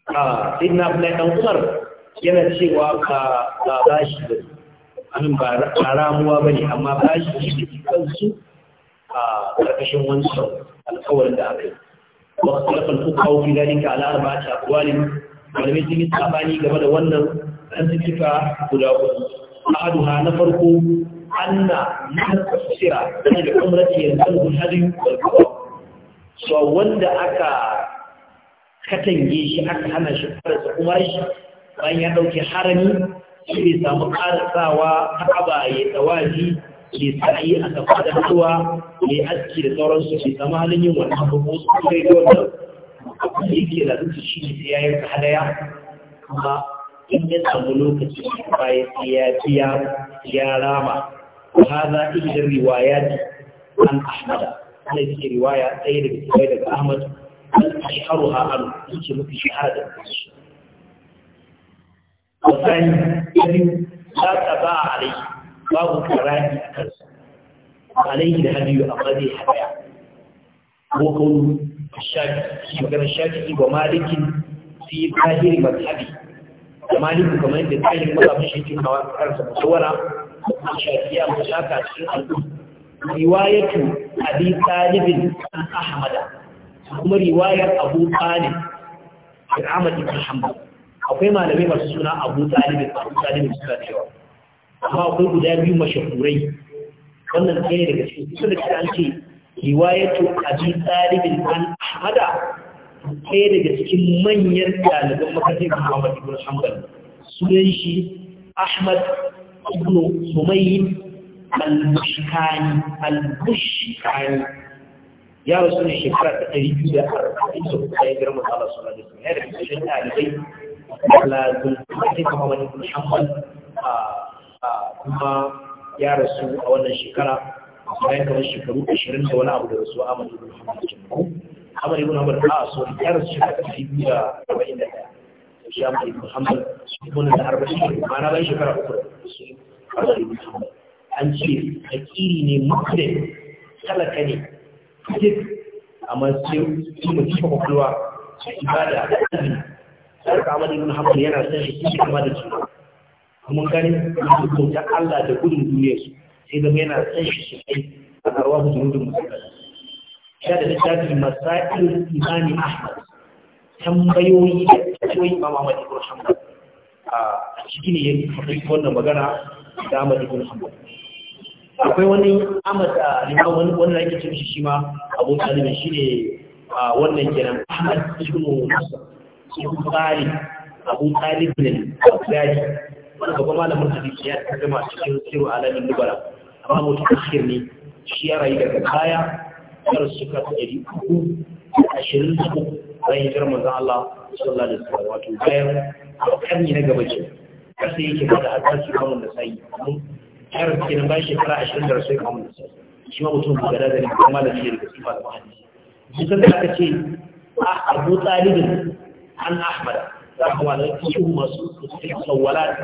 a ah, ibn abdullah umar yana cewa ka ba bashi da amin ba ramuwa bane amma bashi shi ne kansu a karkashin wancan alƙawarin da aka yi wa khalafa al-fuqaha fi dhalika ala arba'ati aqwalin malamai sun yi sabani game da wannan an suka guda uku ahaduha na farko anna na tafsira dana da umrati yanzu da hadin farko so wanda aka katange shi aka hana shi farsa umar shi bayan ya dauke harami sai samu karatsawa ta abaye tawazi ke sa'i a kafa da ruwa ne aski da sauran su ke zama halin yin wannan abubuwa su kai da wannan abu da yake da shi ne sai ya hadaya in ya samu lokaci bayan ya biya ya rama hada ihdar riwayat an ahmad ana yake riwaya ɗaya daga cikin daga ahmad an shaharuha an yake mafi shahara da shi wasani irin za ta ba a alai babu karahi a kansa alaihi da hadiyu amma zai hadaya ko kaunu shafi magana shafi wa malikin fi zahiri mazhabi maliku kamar yadda tsayin mazabin shi ke hawa karsa musawara a shafiya mashaka cikin al'um riwayatu abi talibin an ahmada kuma riwayar abu talib da ahmad ibn hanbal akwai malamai masu suna abu talibin abu talibin suna cewa amma akwai guda biyu mashahurai wannan ɗaya daga cikin kusa da an ce riwayatu abi talibin an ahmada ɗaya daga cikin manyan ɗaliban makarantar Muhammad ibn Hanbal sunan shi Ahmad ibn Sumayyin al mushkani al mushkani ya rasu ne shekara ta ɗari biyu da arba'in da kuma ya girma Allah sallallahu alaihi wasallam ya daga cikin ɗalibai lazim makarantar Muhammad ibn Hanbal kuma ya rasu a wannan shekara bayan kamar shekaru ashirin da wani abu da rasu Ahmad ibn Hanbal Ahmad ibn Hanbal a so yar shi da shi da wani da shi Ahmad ibn Hanbal ibn da arba shi ma na bai shekara uku da shi ibn Hanbal an ce hakiri ne mukre talaka ne duk amma ce su mu cikin kwakwalwa su ibada da azumi sarka Ahmad ibn Hanbal yana son shi cikin kama da juna mun gani su kauta Allah da gudun duniyarsu sai zama yana son shi shi a karwa su jirgin musulmi da littafi masa'il imani ahmad tambayoyi da tambayoyi imam ahmad a ne ya wannan magana da akwai wani ahmad a liman wani wannan yake cin shi shi ma abu shi ne wannan kenan ahmad wani gaba malamin hadisi ya tarjuma cikin siru alamin dubara amma mutum akhir ne shi ya rayu daga baya har shekara ta ɗari uku da ashirin da uku bayan hijirar manzon Allah sallallahu alaihi wasallam wato bayan karni na gaba ce har sai yake bada hadisi kamun da sai har kenan bayan shekara ashirin da rasu kamun da sai shi ma mutum guda da ne kuma da shi da su ba da hadisi mutum da aka ce a Abu Talibin an Ahmad da kuma da su masu tsawwala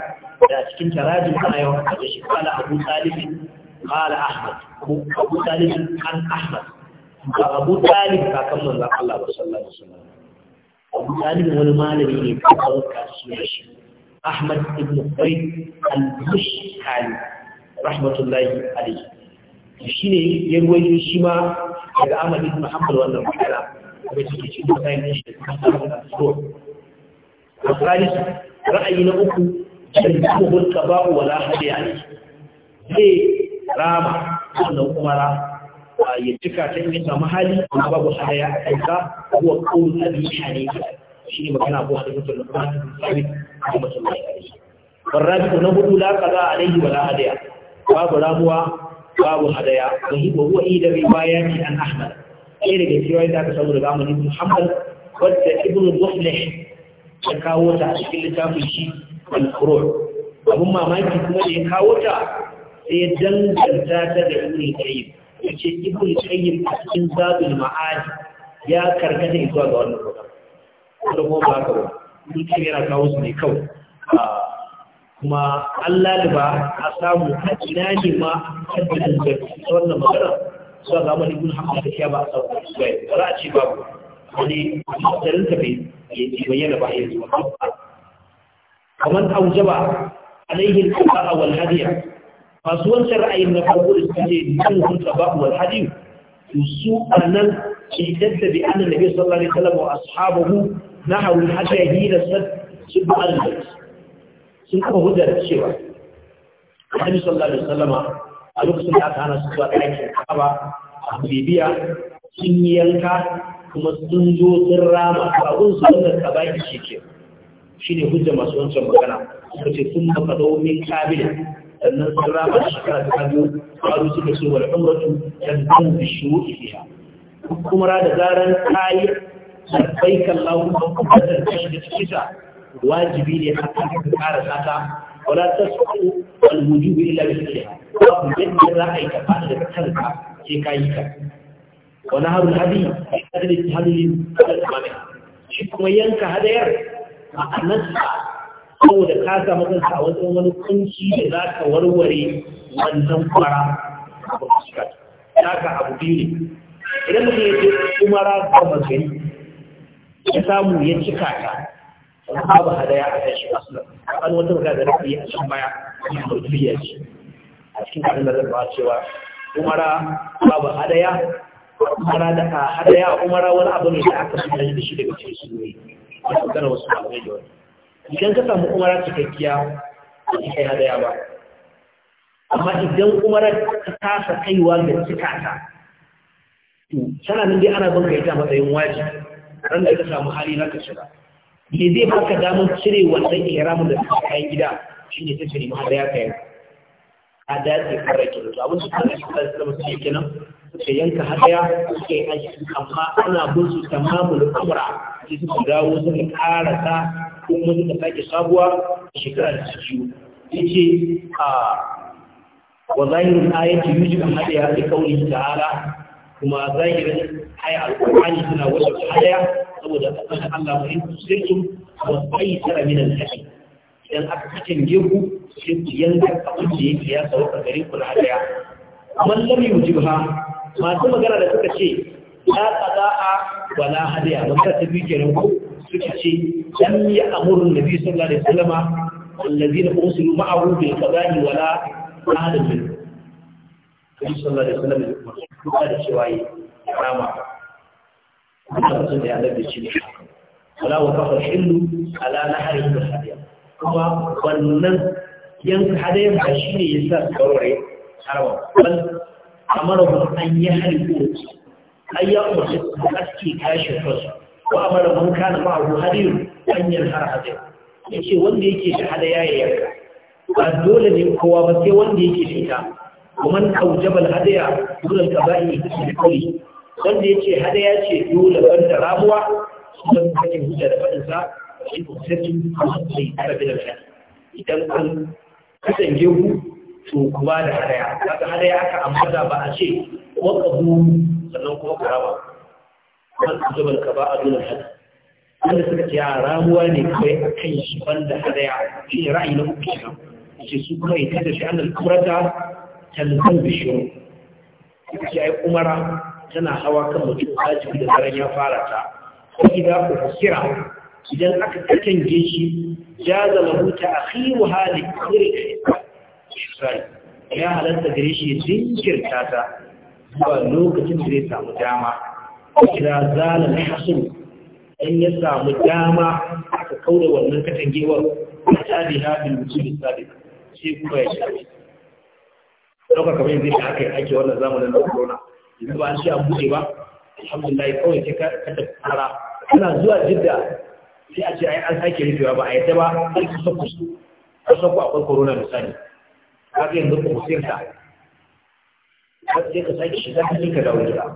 da cikin tarajin ana yawan da shi kala Abu Talibin قال أحمد أبو سالم عن أحمد ba abu talib kakan manzan Allah ba sallallahu alaihi wasallam abu talib wani malami ne ka kawarka su shi Ahmad ibn Farid al-Mushkali rahmatullahi alaihi shi ne ya ruwayo shi ma daga Ahmad ibn muhammad wannan magana kuma ke cikin mutanen shi da kuma al-Sur al-Khalid ra'ayi na uku jarruhu al-qaba'u wala hadiya ne zai rama wannan kuma umara آه، يتكا تكني سمحالي أنا بابو حياة أيضا هو قول أبي حنيفة شيني مكان أبو حنيفة النقمان الثابت رحمة الله عليه فالرابع نقول لا قضاء عليه ولا هدايا باب رابوة باب هدايا وهو إيدا رواية عن أحمد إيدا رواية ذاك سبب الغامل ابن محمد ود ابن الوحنح تكاوتا في الكتاب الشيء والفروع أبو ما مايكي كمان يكاوتا سيدن جلساتا لأبو الكريم yace ibnu qayyim a cikin zadul ma'ad ya karkata zuwa ga wannan program ko kuma ba ka ba mutum yana kawo su ne kawai ah, kuma Allah da ba a samu a ina ne ma haddin albarki ta wannan magana zuwa ga mani gun hamsa da ya ba a samu ba ba za a ce babu wani masarin ta bai bayyana ba yanzu ba kamar aujaba alaihin kafa a walhadiya masu wancan ra'ayin na farko da ce nan sun taba wal hadith to su anan idan da bi annabi nabi sallallahu alaihi wasallam wa ashabahu nahawu hatta hira sad subu al sun kafa hujjar cewa annabi sallallahu alaihi wasallam a lokacin da aka hana su zuwa a Bibiya sun yanka kuma sun zo sun rama abun su da kabaki shi ke shine hujja masu wancan magana suka ce sun maka min kabilin sannan sun rama shekara ta biyu faru suka ce wal umratu tanzan bi shuru'i fiha kuma da zaran kayi labbaik Allahumma qaddan tashhadu kita wajibi ne a kan kara sata wala tasqu al wujubi illa bi fiha babu yadda za a yi ka fada daga kanka sai ka wani kuma yanka hadayar ma'anarsa saboda ka samu kanka a wajen wani kunci da za ka warware wannan kwara a bakashika ta ka abu biyu ne idan mutum ya ce ra ga magani ya samu ya cika ta wani babu hadaya a kan shi asulan an wata magana da rafi a cikin baya a sautuliya ce a cikin kanin da zan ba cewa umara babu hadaya umara da hadaya umara wani abu ne da aka shi da shi daga cikin su Ya ya magana wasu malamai da wani idan ka samu umara cikakkiya ba ka kai hadaya ba amma idan umara ta kasa kaiwa ga cika ta to tana nan dai ana banka ita matsayin waji ran da ka samu hali na ka shiga me zai baka damar cire wannan ihramin da suka kayan gida shine ta cire ma hadaya kai? yanka a dace kare ki to abin su kan shi kan da mutum kenan suke yanka hadaya suke aiki amma ana bin su tamamul umra sai su dawo suka karasa kuma suka sake sabuwa shekara da su ciwo yace a wa zahirin ayati yuji kan hadaya da kauli ta'ala kuma zahirin aya alqur'ani suna wata hadaya saboda kasan Allah mai sirkin wa sai sara min al idan aka kace geku sai ku yanka yake ya sauka gare ku na hadaya man lam yujibha masu magana da suka ce la qada'a wala hadiya wanda ta bi kenan ko suka ce dan ya amuru nabi sallallahu alaihi wasallam allazina ursilu ma'ahu bil qada'i wala ahadun min nabi sallallahu alaihi wasallam ya da cewa yi rama kuma mutum da ya labe shi ne wala wa kafa hillu ala nahari da hadiya kuma wannan yanka hadayen ba shi ne ya sa tsaurare harawa bal amara an yi hari ko an yi umarci da aske kashe kansu wa amara man kana ma'ahu hadir an yanhar hadir yace wanda yake da hadaya ya yanka ba dole ne kowa ba sai wanda yake da ita ومن أوجب الهدي دون الكبائر بالقول wanda yace hadaya ce dole banda ramuwa sun kake hujja da fadin sa in sai sai arabi da shi idan an kasan gehu to kuma da hadaya kaga hadaya aka ambata ba a ce ko kabu sannan kuma raba. an zubar ka ba a dole hada wanda suka ce a ramuwa ne kawai a kan shi wanda hada ya shi ne ra'ayi na uku kenan ce su kuma ita da shi an alkurata talzan bishiyu suka ce ai umara tana hawa kan mutum wajibi da zaran ya fara ta ko idan ku kira idan aka katange shi jaza a kai hali kuri sai ya halatta gare shi jinkirta ta zuwa lokacin da zai samu dama idan zala na hasu in ya samu dama aka kaura wannan katangewar ta bi ha bil musul sabiq sai kuma ya shafi dauka kamar yanzu da aka yi ake wannan zamanin na corona yanzu ba an ce an buɗe ba alhamdulillah kawai sai ka ta fara ana zuwa jidda sai a ce ai an sake rufewa ba a yadda ba sai ku sako su ku sako akwai corona misali kaga yanzu ku musirta sai ka sake shiga cikin ka dawo gida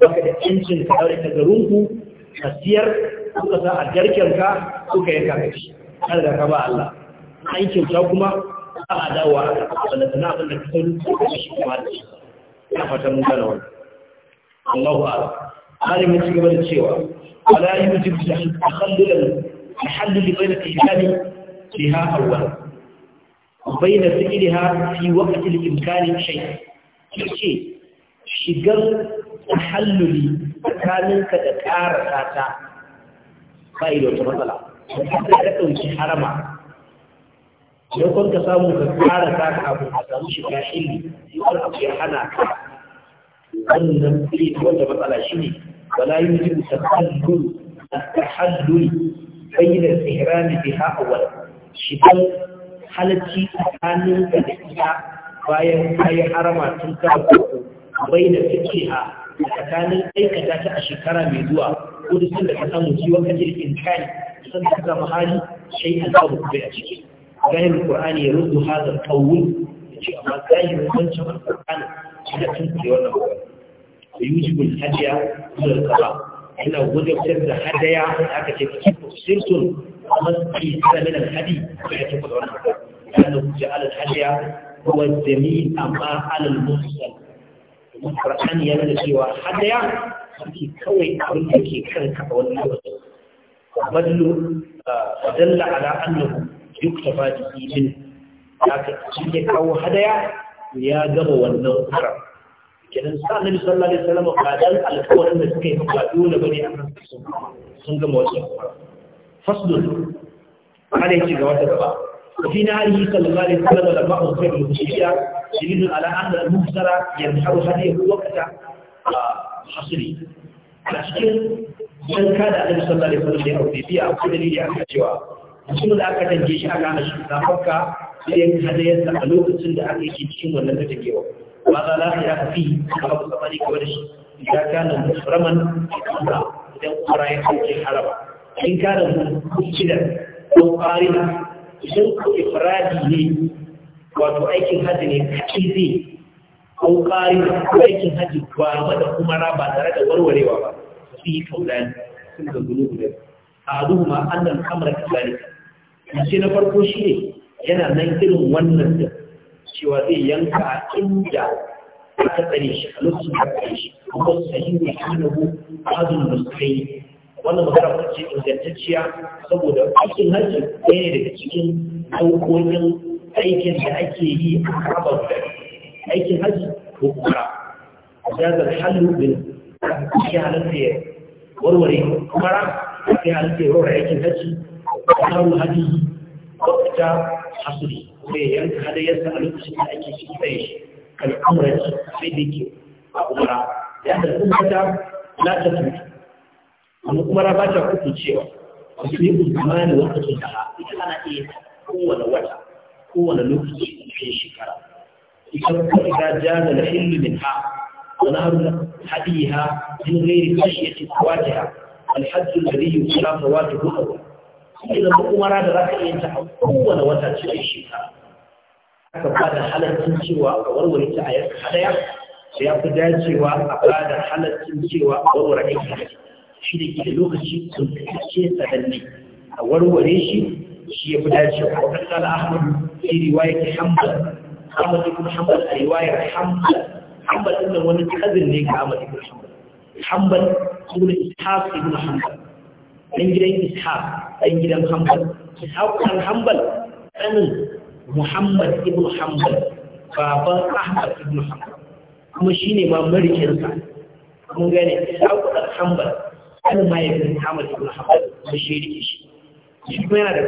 baka da yancin ka daure ta garinku ka siyar kuka sa a garken ka kuka yanka ka har da ka ba Allah an kyauta kuma ba a dawowa a ƙasa wanda abin da ka sauri ko kuma shi kuma da shi ina fatan mun gane wannan Allahu a'lam alim ya ci gaba da cewa wala yujibu takhallulan tahallul bayna al fi biha awwal بين فعلها في وقت الإمكان شيء ce shigar tahalluli tsakaninka da ƙara sata ba da wata matsala da ka ɗauki harama don kun ka samu ka ƙara sata abu a samu shiga ilmi sai wani abu ya hana ka wannan fili ta wata matsala shi ne wala yi mutum tahallul tahallul bayyana tsirani biha shi shigan halacci tsakaninka da ita bayan kayi harama tun ka bai da fikiha tsakanin aikata ta a shekara mai zuwa ko duk sanda ka samu ciwon ka jirgin kai san ka samu hali sai an samu kuɗi a ciki zahirin qur'ani ya rubu hazar qawul da ce amma zahirin wancan alqur'ani shi da tun ke wannan ba yujibul hadiya ila qaba ina wajabtar da hadaya aka ce ki sirtun amma ki sanin alhadi ya ce ku da wannan da ku ji alal hadiya huwa jamil amma alal mursal Qur'ani ya nuna cewa hadaya suke kawai abin da ke kan kaɓa wani lokaci ballu dalla ala annahu yuktafa bihi min Ya shi ke kawo hadaya ya gama wannan karam kenan sa annabi sallallahu alaihi wasallam ba dan alƙawarin da suka yi ba dole bane a kan sun gama wannan faslun ana yi ga wata gaba وفي نهايه صلى الله عليه وسلم لما أخبر المشركية دليل على أن المبصر ينحر هديه وقت حصري a cikin yanka da annabi sallallahu alaihi wasallam ya aure biya akwai dalili akan cewa mutum da aka dange shi aka hana shi da farka sai yanka da yasa a lokacin da aka yi cikin wannan da take wa ba za la ya fi a babu sabani game da shi idan kana musulman idan umra ya kauce haraba in kana musulman ko idan ko ne wato aikin hajji ne kaɗai zai ko ko aikin hajji ba da kuma raba tare da warwarewa ba su yi kaulani sun ga gudu guda a duhu ma annan kamar na farko shi ne yana nan irin wannan da cewa zai yanka a inda aka tsare shi a lokacin da tsare shi kuma sahihu ya hana hu azun yi. wannan magana kuma ce ingantacciya saboda aikin hajji ɗaya ne daga cikin dokokin aikin da ake yi a harbar da aikin hajji ko kura jazar hallu bin ya halatta ya warware kumara ya halatta ya warware aikin hajji karu hadi wata hasuri kuma ya yanka hadayyarsa a lokacin da ake shi tsaye shi kal'amuranci sai da ke a umara ya da kuma ta na tafi amma kuma na ba ta kuku cewa wasu yi uzmani wata sun taha ita ana iya kowane wata kowane lokaci a cikin shekara ita kuma ita jaza da hillu min ha wani haru ha, jin gairi kashi ya ce ta kwatiha alhajjul da riyu kula ta wata hudu ita zama umara da za ka iya ta kowane wata cikin shekara aka da halaccin cewa a warware ta a yanka hadaya sai ya fi dacewa a ba da halaccin cewa a warware aiki shi da ke da lokaci sun kasance sananne a warware shi shi ya fi dacewa wa kasala ahmad fi riwayat hanbal ahmad ibn hanbal a riwayar hanbal hanbal din wani kazin ne ga ahmad ibn hanbal hanbal ibn ishaq ibn hanbal dan gidan ishaq dan gidan hanbal ishaq kan hanbal sanin muhammad ibn hanbal baban ahmad ibn hanbal kuma shi ne ma marikinsa mun gane ishaq kan hanbal kan mahaifin Ahmad ibn Hanbal da shi rike shi shi kuma yana da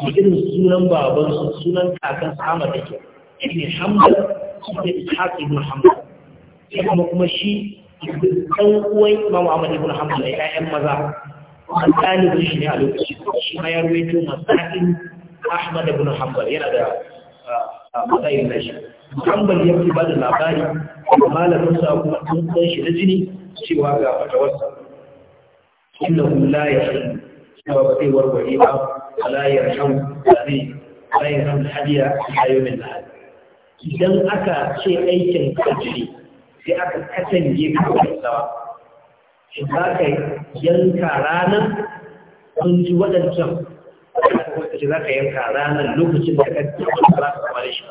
ɗa irin sunan baban su, sunan kakan ke yake ibn Hanbal ibn Ishaq ibn Hanbal sai kuma kuma shi ɗan uwan Imam Ahmad ibn Hanbal ya ƴaƴan maza an ɗalibin shi ne a lokaci shi ma ya ruwaito masa'in Ahmad ibn Hanbal yana da matsayin nashi Hanbal ya fi ba da labari malamin sa kuma ɗan shi na jini cewa ga fatawarsa إنهم لا يخلون سببتي والوحيدة ولا يرحم الذي لا يرحم الحدية في يوم الأحد إذا أتى شيء أي شيء كتري في أكا كتن يكتب في السواء إن ذاك ينكى رانا كنت ودى الجمع إذا ذاك ينكى رانا لوكسي بكتب في السواء وليش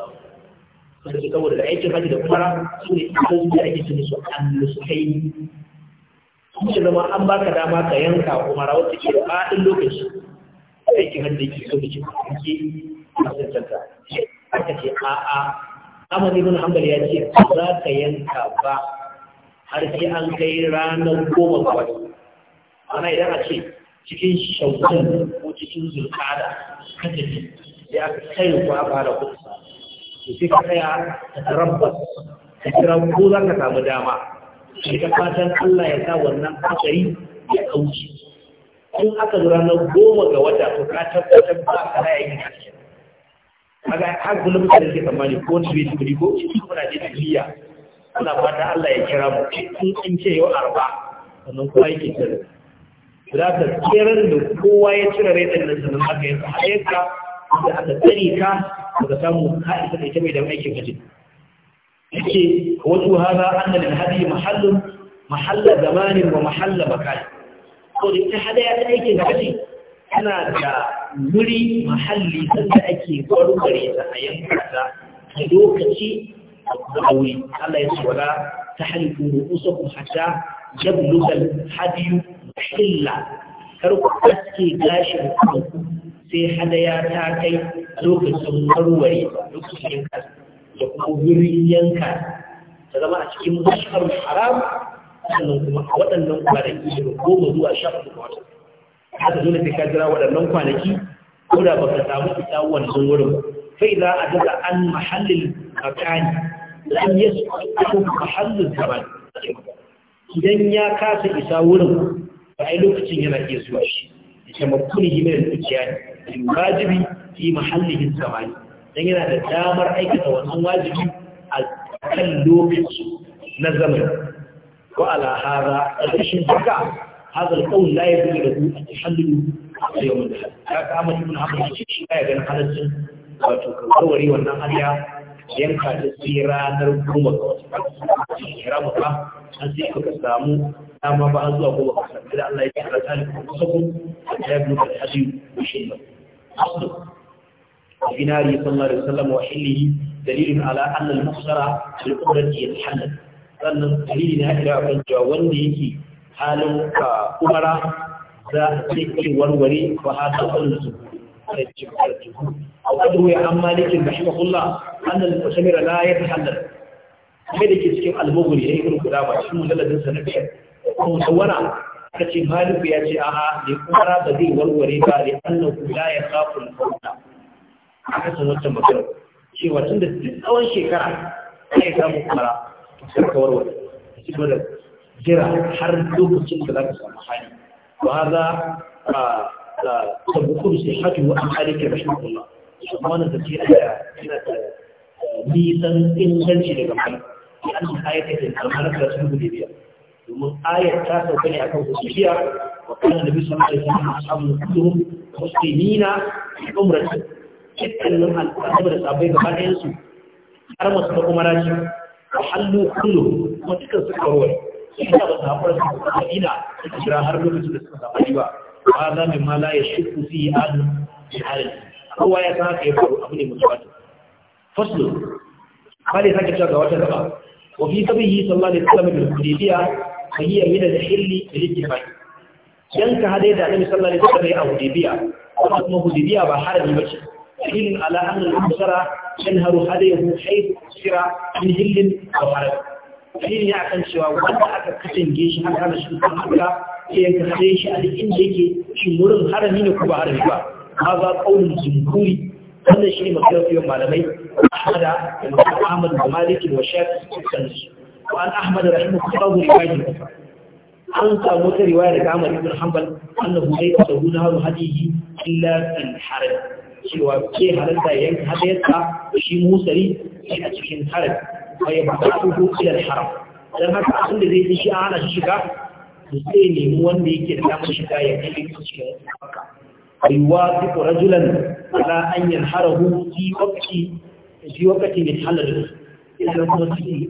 كون كنت تقول الأيتي فاجد أمرا سوري أمرا سوري أمرا سوري أمرا سوري أمرا kuma zama an baka dama ka yanka rawar rawa ke a faɗin lokaci aikin hajji ke so da ke kuke masu tanta aka ce a'a amma ibn hanbal ya ce za ka yanka ba har sai an kai ranar goma ga wani ana idan a ce cikin shawwal ko cikin zulkada kada ne sai aka kai ku a fara kusa to sai ka tsaya ka tarabbas ka kira ko za ka samu dama shi ta fatan Allah ya sa wannan hatsari ya kauce Tun aka zura na goma ga wata to ka tabbatar ba ka raya yin karshe kaga har kullum da yake tsammani ko ni bai tukuri ko shi kuma na je tafiya fata Allah ya kira mu "Kun an ce yau arba sannan kowa yake kira za ka kiran da kowa ya cire rai din nan sannan aka yi sa da aka tsare ka daga samu ka isa da ita mai da aikin gajin. yake wasu haza annal hadi mahallun mahalla zamanin wa mahalla makan to ita hadaya ta aikin da kace Ina da wuri mahalli sanda ake gare ta a yanka a lokaci da aure Allah ya ce wala tahliku ru'usakum hatta yabluga hadi mahalla kar ku aske gashin ku sai hadaya ta kai lokacin warware lokacin yanka da kuma wurin yanka ta zama a cikin mashar haram sannan kuma a waɗannan kwanaki daga goma zuwa sha uku ga wata haka dole sai ka jira waɗannan kwanaki ko da baka samu fita wannan wurin fai za a daga an mahallin makani lam yasku ko mahallin zaman idan ya kasa isa wurin ba ai lokacin yana iya zuwa shi ya ce mafkuni himin da dukiya ne wajibi fi mahallin zamani dan yana da damar aikata wannan wajibi a kan lokaci na zamani wa ala hada rashin haka hada alqawl la yadullu lahu at-tahallul fi yawm al-ahad ka kama ibn hamd shi ya ga halaccin wato wannan hanya yanka ta tsira na goma ga wata ihramu ka an sai ka samu dama ba an zuwa goma ka da Allah ya kira ta ku kusa ku ta yi da shi ne في ناره صلى الله عليه وسلم وحله دليل على أن المخسر بالقدرة يتحلل sannan dalili na haɗa kan cewa wanda yake halin umara za a ce kai warware ba ha ta kwanin su a wadda wuya an malikin da shima annan musamira na ya tahallar kai da ke cikin almoguri ya yi irin kuda ba shi mujalladin na biyar kuma ce aha ne umara ba zai warware ba da annan kula ya kafin a kasan wancan mutum cewa tun da duk tsawon shekara ta yi samun kumara a sarka wani. a cikin da jira har lokacin da za ka samu hali ba za a tabbukur sai hajji wa amfani ke rashin kula amma wannan tafiya yana da eh, nisan inganci daga malam ya an ayata da almanar da sun gudu biya domin ayat ta sauka ne a akan biya, wa kanan da bisa ma'aikatan ashabul kudurum muslimina umratu dukkanin da sabai gaba ɗayansu har masu da kuma rashi a hannu kullu kuma dukkan su karuwar su yi ba safar su da madina suka jira har lokacin da suka safari ba ba za mai mala ya shukku su yi adun shi halin kowa ya san haka ya faru abu ne musu wata faslo ba da sake cewa ga wata gaba wa fi sabihi sallallahu alaihi wasallam bil hudaybiyya fa hiya min al-hilli bil ittifaq yanka hadai da annabi sallallahu alaihi wasallam a hudaybiyya kuma kuma hudaybiyya ba harami bace حين على أن المبصرة ينهر هديه حيث سرى من هل أو حرج حين يعتم سوى وأنت أكتن جيش هل هذا سلطان حقا سينتخذي شيء إن ديك شمور الحرمين كبه حرجوا هذا قول الزنكوري هذا شيء مكتب في يوم عالمي أحمد أحمد ومالك وشاك السنس وأن أحمد رحمه الله رواية an samu wata riwaya daga Ahmad ibn Hanbal annahu laysa lahu hadihi illa fil haram cewa ke halarta yanka hadayarsa shi musari shi a cikin harin bai ba da kudu ilar haram don haka abin da zai shi ana shiga da sai nemi wanda yake da damar shiga ya kai cikin haka aiwa duk rajulan ala an yanharahu fi waqti fi waqti min halal idan kuma su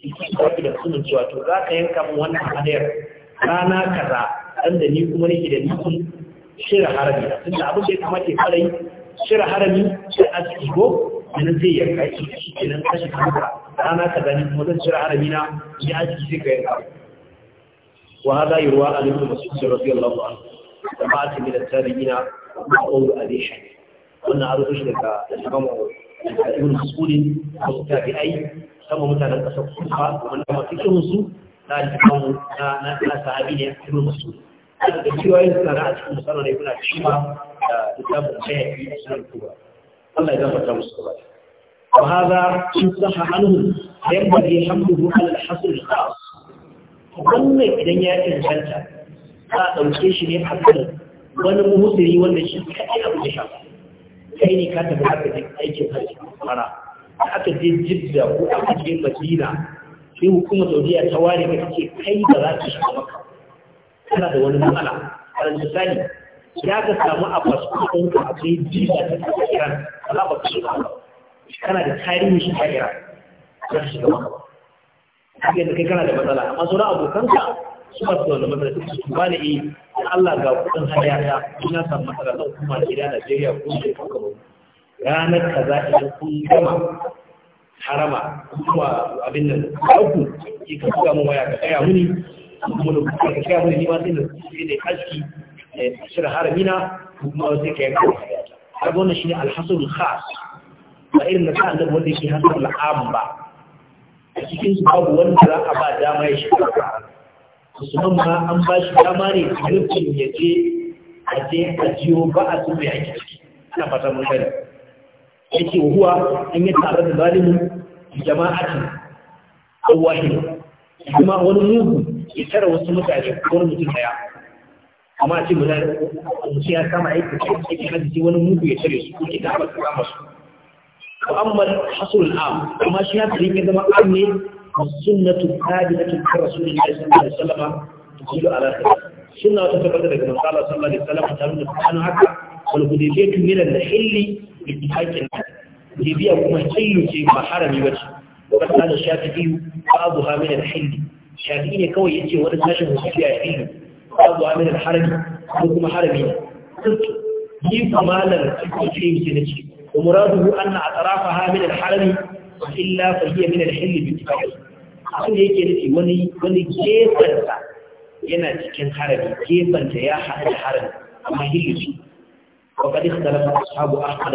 shi shi da sunan cewa to za ka yanka mu wannan hadayar rana kaza dan da ni kuma nake da nufin shirin harabi tunda abin da ya kamata ya fara yi shira harami shi aski ko nan zai yanka shi shi ke nan kashi kanka rana ka zani kuma zan shira harami na shi aski sai ka yanka wa hada yurwa an ibn mas'ud radiyallahu anhu da ba ta min at-tabi'ina wa a abi shaykh wannan aro shi daga daga ibn mas'ud ko tabi'ai kama mutanen kasar kufa wanda masu cikin su na na na sahabi ne ibn mas'ud da cewa yin a cikin musallar ibn shima da kitabun bayaki a sunan kuwa Allah ya gafarta musu وهذا يصح عنه ينبغي حمله على الحصر الخاص wannan idan ya inganta za a ɗauke shi ne a kan wani muhusiri wanda shi kaɗai abu shafa kai ne ka tafi haka duk aikin hajji fara da aka je jidda ko aka je madina sai hukumar saudiya ta ware ka kai ba za shiga maka kana da wani a misali ya ka samu a fasfafin ka akwai da ta kasa iran ba za ka shiga ba kana da tarihin shiga iran za ka shiga maka ba haka yadda kai kana da matsala amma sauran abokanka su ba su da matsala su su ba eh, da iya Allah ga kudin hanya ta ina samu matsala hukuma kuma gida Najeriya ko da kuka ba ranar kaza idan kun gama harama kuma abin nan ku ka kuka mun waya ka kaya muni kuma da kuka ka kaya muni ni ma sai na sai da haski cire haramina kuma sai ka yanka wa yata har wannan shine alhasul khas ba irin na sa'an nan wanda yake hasul am ba a cikin su babu wanda za a ba dama ya shiga ba musulman ma an ba shi dama ne rufin ya je a je a jiyo ba a sun mai ake ciki ana fata mun gani yake huwa an yi tare da zalimin jama'atin kowa ne kuma wani mugu ya tara wasu mutane wani mutum daya amma a ce guda mutum ya kama aiki cikin aiki hadisi wani mugu ya cire su kuke da abin kama su ko amma hasul am kuma shi ya tsari ya zama am ne sunnatu tabi'atu rasulillahi sallallahu alaihi wasallam tujilu ala khilaf sunna ta tabbata daga manzo Allah sallallahu alaihi wasallam ta nuna kana haka wal hudaybiyatu min al-hilli bi ittifaqin hudaybiya kuma hillu ce ba harami bace shafi biyu الشافعي بعضها من الحل shafi ne kawai ya ce, wani tashin sashin hudaybiya hillu babu amir harami ko kuma harami ne kuntu yi kamalar cikin cikin ce na ce wa muraduhu an na atarafa ha min harami illa fa hiya min al-hill bi tibai abin da yake nufi wani wani gefanta yana cikin harami gefanta ya hada da harami amma hillu ce wa qad ikhtalafa ashabu ahmad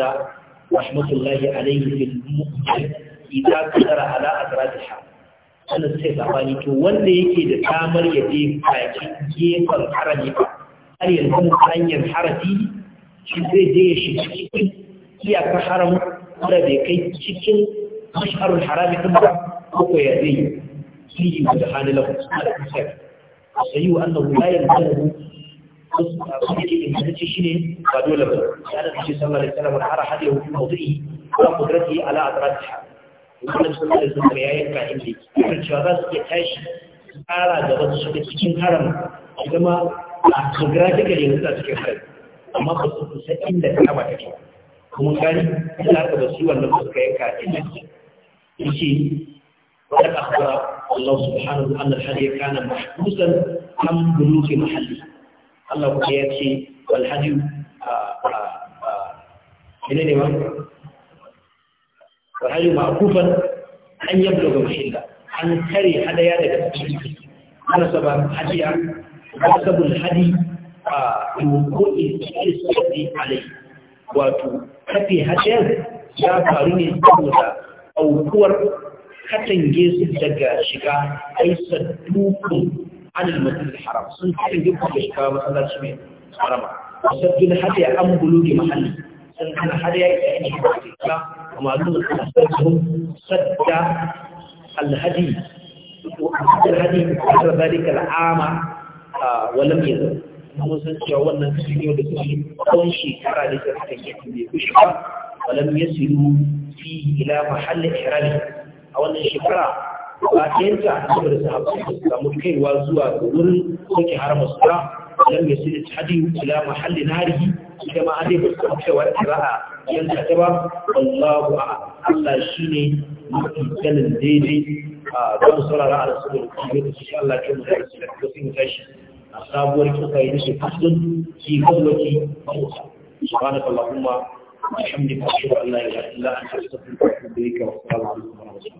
rahmatullahi alayhi fil mu'min idza qadara ala atrafihah sannan sai sabani to wanda yake da damar ya je bakin gefen harami ba har yanzu hanyar harafi shi zai je ya shiga cikin iyakar haram wanda bai kai cikin masharul harami din ba ko ya zai yi yi da hannun lafi suna da kusa sai wa annabu!" annahu da yanzu wasu abin da ke ingantacce shi ne ba dole ba ya da shi sallallahu alaihi wasallam har hadiya hukumar wudu'i ko kudrati ala atrafiha wannan sallallahu alaihi wasallam ya yanka inda yake cewa za su iya tashi tsara gaba su shiga cikin haram su zama a kagara daga yanzu a cikin haram amma ba su kusa inda ta ba take kuma gani ina ka ba su wannan suka yanka inda yake yace wa akhbara Allah subhanahu wa ta'ala hadiya kana mahbusan an buluki mahalli Allah kuma ya ce wal hadiyu a a ne ne وهي معقوفا أن يبلغ محلة عن كري حدا يدك على سبب حديا على سبب الحدي يقول السبب آه، عليه وتو كفي هجاز يا قارين الدولة أو كور كتنجيز الدقاء شكا أي صدوكم عن المسجد الحرام سن كتنجيز الدقاء مثلا شمين حرام وصدو الحدي أم بلوغ محلي سن كان حدي أي ومعلومة أحسنهم سد الهدي وسد الهدي قبل ذلك العام ولم يزل mun san cewa wannan kasance da suke tsawon shekara da suka kan yake bai kushe ba walam yasiru fi ila mahalli ihrami a wannan shekara ba ta yanka saboda sahabbai da samu kaiwa zuwa wurin soke harama sura walam yasiru hadi ila mahalli narihi jama'a dai da su cewar kira'a yanzu ta ba wallahu Allah shine mafi sanin daidai a zan saurara a rasu da lokaci insha Allah ke mu da rasu da ko sun tashi a sabuwar kuka yi shi fasulun ki gwamnati bauta subhanaka allahumma alhamdulillah wa la ilaha illa anta astaghfiruka wa atubu wa assalamu alaikum